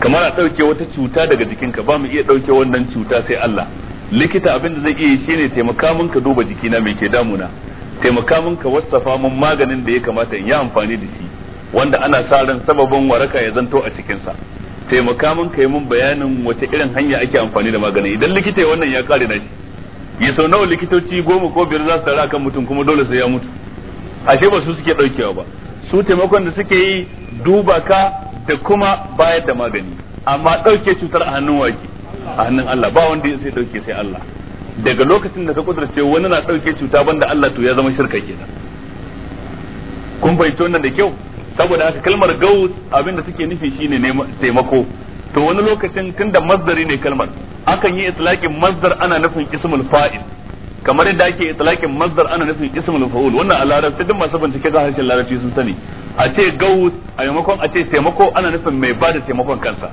kamar a ɗauke wata cuta daga jikinka ba mai iya ɗauke wannan cuta sai Allah likita abin da zai iya yi ne taimaka min ka duba jikina mai ke damuna taimaka min ka wassafa min maganin da ya kamata in yi amfani da shi wanda ana sa ran sababin waraka ya zanto a cikinsa taimaka min kai mun bayanin wace irin hanya ake amfani da magani idan likita wannan ya kare na shi ya sau nawa likitoci goma ko biyar za su tara kan mutum kuma dole sai ya mutu ashe ba su suke daukewa ba su taimakon da suke yi duba ka da kuma bayar da magani amma dauke cutar a hannun waki a hannun Allah ba wanda sai dauke sai Allah daga lokacin da ka kudurce wani na dauke cuta banda Allah to ya zama shirka kenan kun fahimci wannan da kyau saboda haka kalmar gaus abinda take nufi shine taimako to wani lokacin tunda masdari ne kalmar akan yi itlaqin masdar ana nufin ismul fa'il kamar yadda ake itlaqin masdar ana nufin ismul fa'ul wannan a larabci duk masu bincike ga harshen larabci sun sani a ce gaus a maimakon a ce taimako ana nufin mai bada taimakon kansa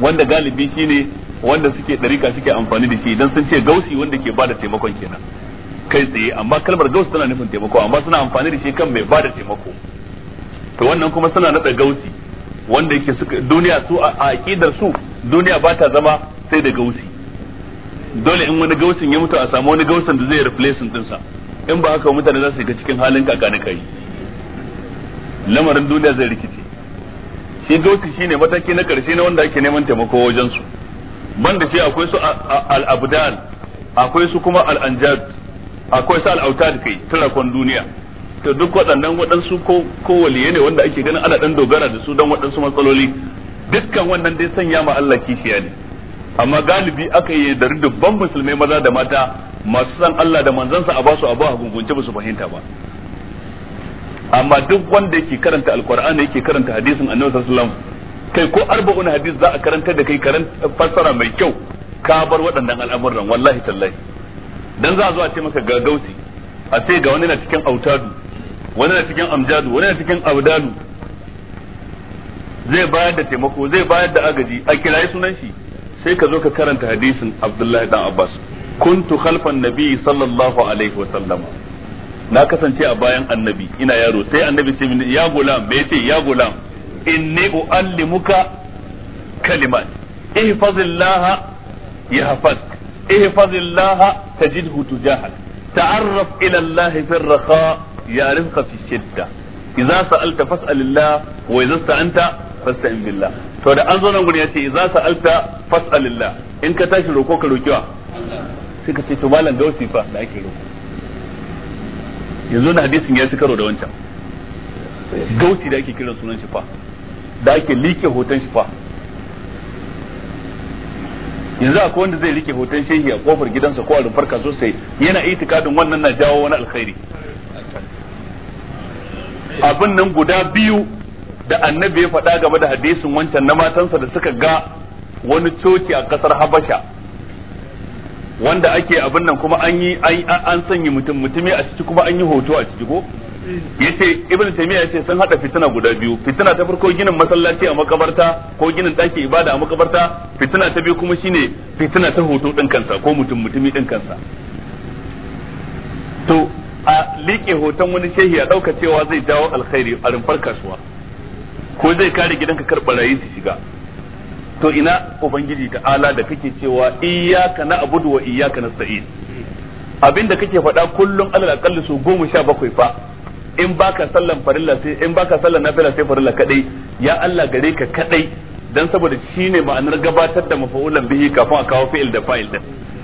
wanda galibi shine wanda suke dariƙa suke amfani da shi idan sun ce gausi wanda ke bada taimakon kenan kai tsaye amma kalmar gausu tana nufin taimako amma suna amfani da shi kan mai bada taimako to wannan kuma suna nada gausi wanda yake duniya su a aqidar su duniya ba ta zama sai da gausi dole in wani gausin ya mutu a samu wani gausin da zai din sa in ba haka mutane za su ga cikin halin kakani kai lamarin duniya zai rikice shi gausi shine mataki na karshe na wanda ake neman taimako wajen su banda shi akwai su al-abdal akwai su kuma al-anjad akwai sa al'auta da kai rakon duniya to duk waɗannan waɗansu ko ne wanda ake ganin ana ɗan dogara da su don waɗansu matsaloli dukkan wannan dai sanya ma Allah kishiya ne amma galibi aka yi da dubban musulmai maza da mata masu san Allah da manzansa a basu abu a gungunce ba su fahimta ba amma duk wanda yake karanta alqur'ani yake karanta hadisin annabi sallallahu alaihi wasallam kai ko arba'un hadis za a karantar da kai karanta fassara mai kyau ka bar waɗannan al'amuran wallahi tallahi dan za a zo a ce maka ga gausi a ce ga wani na cikin autadu wani na cikin amjadu wani na cikin abdalu zai bayar da taimako zai bayar da agaji a kirayi sunan shi sai ka zo ka karanta hadisin Abdullahi dan Abbas kuntu khalfan nabi sallallahu alaihi wa sallam na kasance a bayan annabi ina yaro sai annabi ce mini ya gulam me yace ya gulam inni uallimuka kalimat ihfazillaha yahfaz ihfazillah tajidhu tujahak ta'arraf ila Allah fi ar-raha fi shidda idza sa'alta fas'alillah wa idza sta'anta to da an zo nan gurin yace idza sa'alta fas'alillah in ka tashi roko ka roki wa sai ka ce to malam fa da ake roko yanzu na hadisin ya ci karo da wancan Gauti da ake kiran sunan shi fa da ake like hoton shi fa yanzu akwai wanda zai rike hoton shehi a kofar gidansa ko a rufar kaso sai yana itikadin wannan na jawo wani alkhairi abin nan guda biyu da annabi ya faɗa game da hadisin wancan na matansa da suka ga wani coci a kasar habasha wanda ake abin nan kuma an yi an sanya mutum mutumi a ciki kuma an yi hoto a ciki ko yace ibnu taymiya yace sun hada fitina guda biyu fitina ta farko ginin masallaci a makabarta ko ginin daki ibada a makabarta fitina ta biyu kuma shine fitina ta hoto din kansa ko mutum mutumi din kansa to a liƙe hoton wani shehi a ɗauka cewa zai dawo alkhairi a rumfar kasuwa ko zai kare gidanka kar barayi su shiga to ina ubangiji ta'ala da kake cewa iyyaka na'budu wa iyyaka nasta'in abinda kake faɗa kullum alal aqalli su goma sha bakwai fa in baka sallan farilla sai in baka sallan nafila sai farilla kadai ya Allah gare ka kadai dan saboda shine ma'anar gabatar da mafa'ulan bihi kafin a kawo fi'il da fa'il din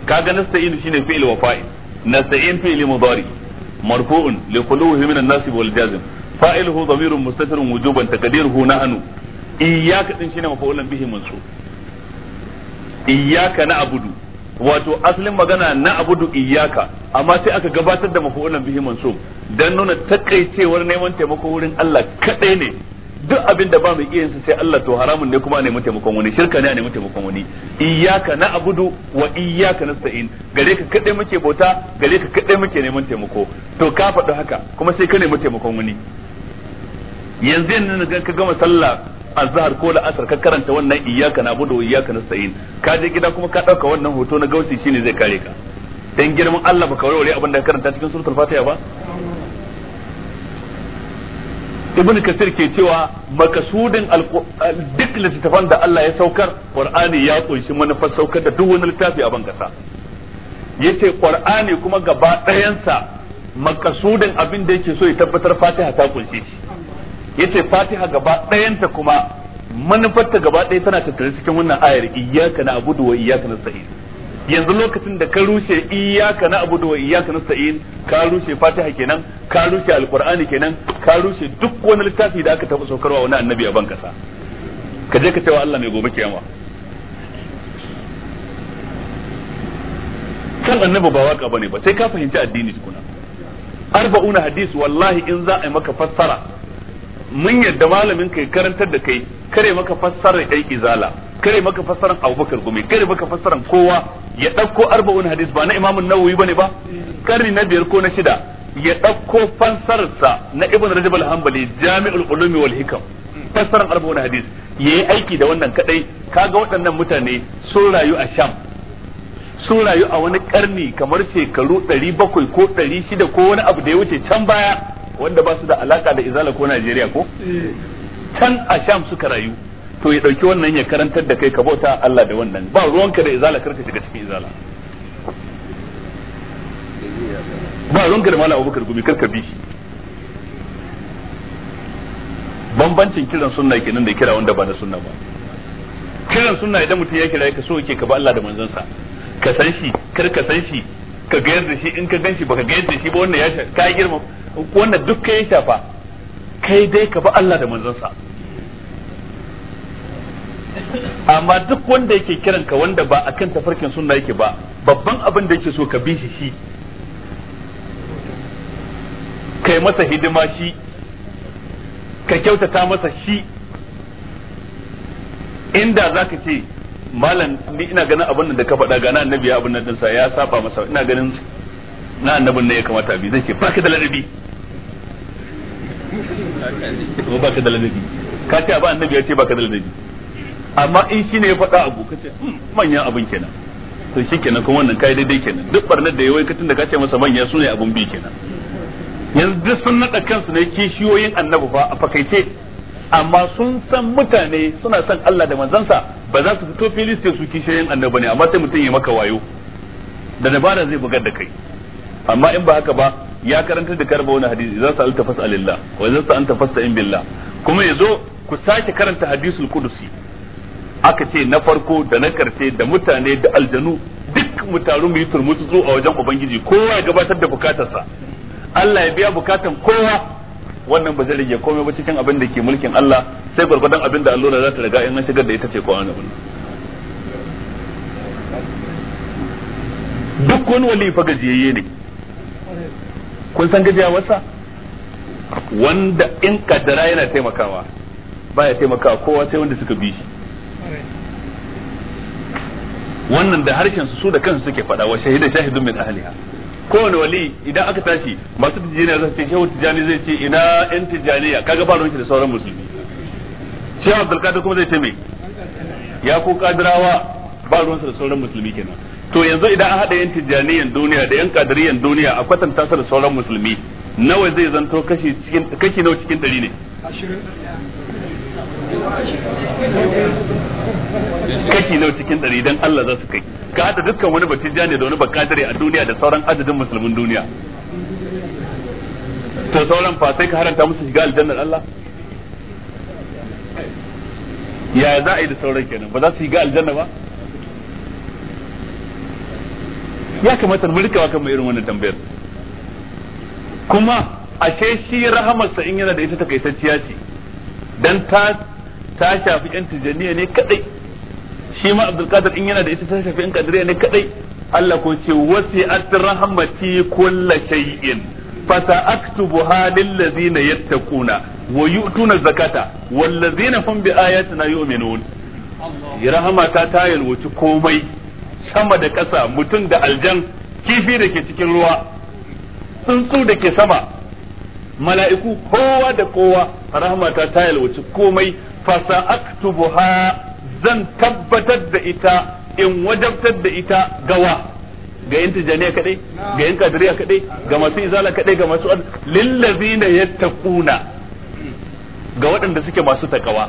kaga nasta'in shine fi'il wa fa'il nasta'in fi'il mudari marfu'un li khuluhi min an-nasib wal jazm fa'iluhu dhamirun mustatirun wujuban taqdiruhu nahnu iyyaka din shine mafa'ulan bihi mansub iyyaka na'budu wato asalin magana na abudu iyaka amma sai aka gabatar da mafu'ulan bihi mansub dan nuna takaicewar neman taimako wurin Allah kadai ne duk abin da ba mu iya yinsa sai Allah to haramun ne kuma a nemi taimakon wani shirka ne a nemi taimakon wani iyyaka abudu wa iyyaka nasta'in gare ka kadai muke bauta gare ka kadai muke neman taimako to ka faɗi haka kuma sai ka nemi taimakon wani yanzu yanzu ka gama sallah azhar ko la'asar ka karanta wannan iyyaka na'budu wa iyyaka nasta'in ka je gida kuma ka dauka wannan hoto na gausi shine zai kare ka dan girman Allah baka warware abin da ka karanta cikin suratul fatiha ba ibn kasir ke cewa makasudin duk littattafan da Allah ya saukar qur'ani ya kunshi manufar saukar da duk wani littafi a ban kasa yace qur'ani kuma gaba ɗayansa makasudin abin da yake so ya tabbatar fatiha ta kunshi shi yace fatiha gaba ɗayanta kuma manufarta gaba ɗaya tana tattare cikin wannan ayar iyyaka na'budu wa iyyaka nasta'in yanzu lokacin da ka rushe iyyaka na'budu wa iyyaka nasta'in ka rushe fatiha kenan ka rushe alqur'ani kenan ka rushe duk wani littafi da aka taɓa saukarwa wani annabi a ban kasa ka je ka cewa Allah mai gobe kiyama kan annabi ba waka bane ba sai ka fahimci addini tukuna arba'una hadisi wallahi in za a yi maka fassara mun yadda malamin kai karantar da kai kare maka fassarar ɗan izala kare maka fassarar abubakar gumi kare maka fassarar kowa ya ɗauko arba'un hadis ba na imamun nawawi bane ba karni na biyar ko na shida ya ɗauko fassararsa na ibn rajab al-hanbali jami'ul ulumi wal hikam fassarar arba'un hadis yayi aiki da wannan kadai kaga waɗannan mutane sun rayu a sham sun rayu a wani karni kamar shekaru ɗari bakwai ko shida ko wani abu da ya wuce can baya wanda ba su da alaka da izala ko Najeriya ko eh. can a Sham suka rayu to ya dauki wannan ya karantar da kai ka bauta Allah da wannan ba ruwanka da izala karka shiga cikin izala ba ruwanka da malam Abubakar gumi karka bi shi bambancin kiran sunna kenan da kira wanda ba na sunna ba kiran sunna idan mutum ya kira ka so yake ka ba Allah da sa ka san shi kar ka san shi ka gayar da shi in ka gan shi baka gayar da shi ba wannan ya ka girma wannan duk kai ya shafa kai dai ka bi Allah da manzansa amma duk wanda yake kiran ka wanda ba akan tafarkin sunna yake ba babban abin da yake so ka bi shi shi kai masa hidima shi ka kyautata masa shi inda za ka ce malam ni ina ganin abin da ka faɗa gana annabi ya abin nan dinsa ya saba masa ina ganin na annabin ne ya kamata bi zai ce ka da ladabi ba ka da ladabi ka ce ba annabi ya ce ka da ladabi amma in shine ya faɗa abu ce hmm, manyan abin kenan to kenan kuma wannan kai daidai kenan duk barnar da yayi tun da ka ce masa manya sune abun bi kenan yanzu duk sun nada kansu ne kishiyoyin annabi fa a fakaice amma sun san mutane suna son Allah da manzansa ba za su fito fili su su kishiyoyin annabi ne amma sai mutum ya maka wayo da dabara zai bugar da kai amma in ba haka ba ya karanta da karba wani hadisi idan sa'alta Alillah wa za su sa'alta in billah kuma yazo ku sake karanta hadisul qudusi aka ce na farko da na karshe da mutane da aljanu duk mu taru mu yi a wajen ubangiji kowa ya gabatar da bukatarsa Allah ya biya bukatan kowa wannan ba zai rage komai ba cikin abin da ke mulkin Allah sai gurgurdan abin da Allah za ta riga in an shigar da ita ce ko duk wani wali fa gajiyayye ne kun san gajiya wasa. wanda in kaddara yana taimakawa baya taimakawa kowa sai wanda suka bi shi wannan da harshen su da kansu suke faɗa wa shahida shahidun min ahliha kowane wali idan aka tashi masu tijjaniya za su ce shehu tijjani zai ce ina yan tijjaniya kaga ba shi da sauran musulmi shehu abdulkadir kuma zai ce mai ya ku kadirawa ba ruwansa da sauran musulmi kenan to yanzu idan an haɗa yan tijjaniyan duniya da yan kadiriyan duniya a kwatanta su da sauran musulmi nawa zai zanto kashi kashi nawa cikin ɗari ne kashi nawa cikin ɗari don Allah za su kai ka haɗa dukkan wani ba tijjani da wani ba kadiri a duniya da sauran adadin musulmin duniya to sauran fa sai ka haranta musu shiga aljannar Allah ya za a yi da sauran kenan ba za su yi ga aljanna ba ya kamata mu rikawa kan irin wannan tambayar kuma ashe shi rahamarsa in yana da ita takaitacciya ce dan ta ta shafi yan tijaniya ne kadai shi ma Abdul abdulkadir in yana da ita ta shafi yan kadiriya ne kadai Allah ko ce wasi'at rahmati kullu shay'in فسأكتبها للذين يتقون ويؤتون الزكاة والذين هم بآياتنا يؤمنون رحمة تايل komai. sama da ƙasa mutum da aljan kifi da ke cikin ruwa tsuntsu da ke sama mala'iku kowa da kowa rahmata ta yalwaci komai fasa ha zan tabbatar da ita in wajabtar da ita gawa ga yin tijaniya kaɗai ga yin kadiriya kaɗai ga masu izala kaɗai ga masu lillazina taƙuna ga waɗanda suke masu takawa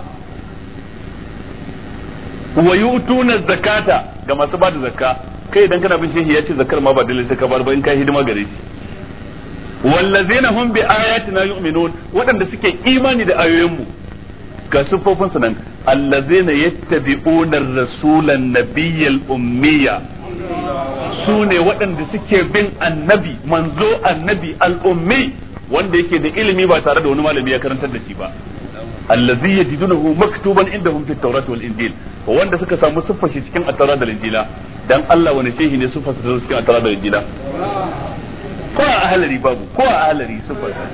wa yu'tuna zakata ga masu bada zakka kai idan kana bin shehi ya ce zakar ma ba dole sai ka bar ba in kai hidima gare shi wallazina hum bi ayatina yu'minun wanda suke imani da ayoyinmu ga sufofin su nan allazina yattabi'una rasulan nabiyyal ummiya su ne waɗanda suke bin annabi manzo annabi al al'ummi wanda yake da ilimi ba tare da wani malami ya karantar da shi ba allazi yajidunahu maktuban indahum fit tawrat wal injil wanda suka samu siffar shi cikin at-taurat da injila dan Allah wani shehi ne siffar sa cikin at-taurat da injila ko a ahlari babu ko a ahlari siffar sa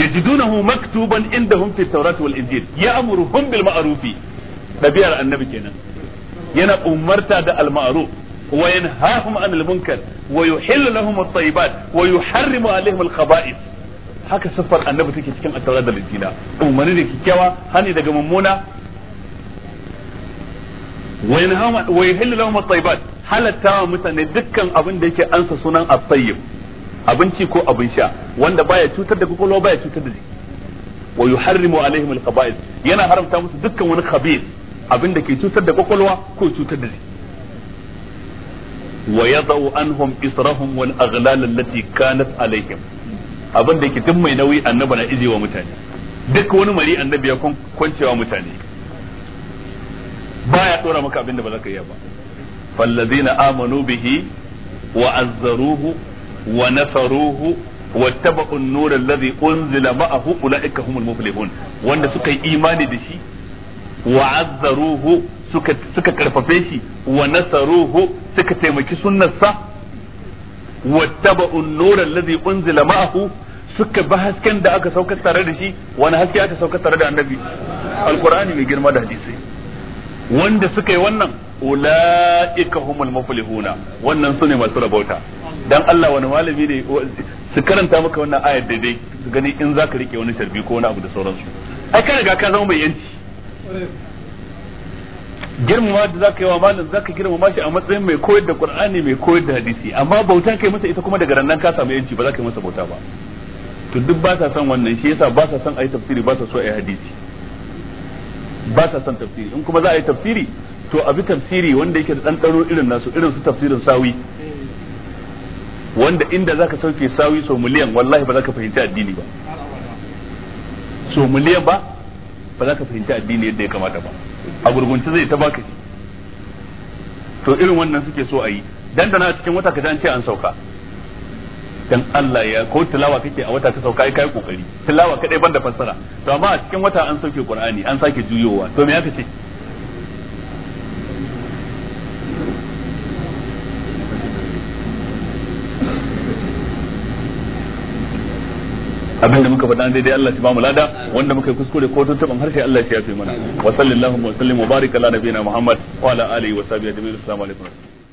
yajidunahu maktuban indahum fit tawrat wal injil ya'muruhum bil ma'rufi dabi'ar annabi kenan yana umarta da al-ma'ruf وينهاهم عن المنكر ويحل لهم الطيبات ويحرم عليهم الخبائث haka siffar annabi take cikin attaura da linjila umarni da kikkiawa hani daga mummuna wa yanhamu wa yahillu lahum at-tayyibat halatta wa mutane dukkan abin da yake ansa sunan at-tayyib abinci ko abin sha wanda baya cutar da kokolwa baya cutar da jiki wa yuharrimu alaihim al-khaba'ith yana haramta musu dukkan wani khabith abin da ke cutar da kokolwa ko cutar da jiki ويضع عنهم إصرهم والأغلال التي كانت عليهم abin da yake tun mai nauyi annabi na ijewa mutane duk wani mari annabi ya kwancewa mutane baya dora maka abin da ba za ka iya ba fallazina amanu bihi wa azzaruhu wa nasaruhu واتبعوا النور الذي انزل معه اولئك هم المفلحون wanda suka yi imani da shi wa azzaruhu suka suka karfafe shi wa nasaruhu suka taimaki sunnarsa wattaba'u an-nur alladhi unzila ma'ahu suka bi hasken da aka saukar tare da shi wani haske aka saukar tare da annabi alkur'ani mai girma da hadisi wanda suka yi wannan ulaika humul muflihuna wannan su ne masu rabauta dan Allah wani malami ne su karanta maka wannan ayar daidai su gani in zaka rike wani sharbi ko wani abu da sauransu ai ka riga ka zama mai yanci girmama da zaka yi wa malam zaka girmama shi a matsayin mai koyar da Qur'ani mai koyar da hadisi amma bauta kai masa ita kuma daga nan ka samu yanci ba za ka yi masa bauta ba to duk ba sa son wannan shi yasa ba sa son ayi tafsiri ba sa so ayi hadisi ba sa son tafsiri in kuma za a yi tafsiri to abi tafsiri wanda yake da dan daro irin nasu irin su tafsirin sawi wanda inda zaka sauke sawi so miliyan wallahi ba za ka fahimci addini ba so miliyan ba ba za ka fahimci addini yadda ya kamata ba a gurgunci zai ta baka shi to irin wannan suke so ayi dan da na cikin wata kaje an ce an sauka dan Allah ya ko tilawa kake a wata ta sauka kai kokari tilawa kadai banda fassara to amma a cikin wata an sauke Qur'ani an sake juyowa to me aka ce abinda da muka faɗa daidai Allah shi ba mu lada wanda muka yi kuskure ko tuntuban harshe Allah shi ya fi mana wa sallallahu wa sallim wa barika ala nabiyina Muhammad wa ala alihi wa sahbihi ajma'in assalamu alaikum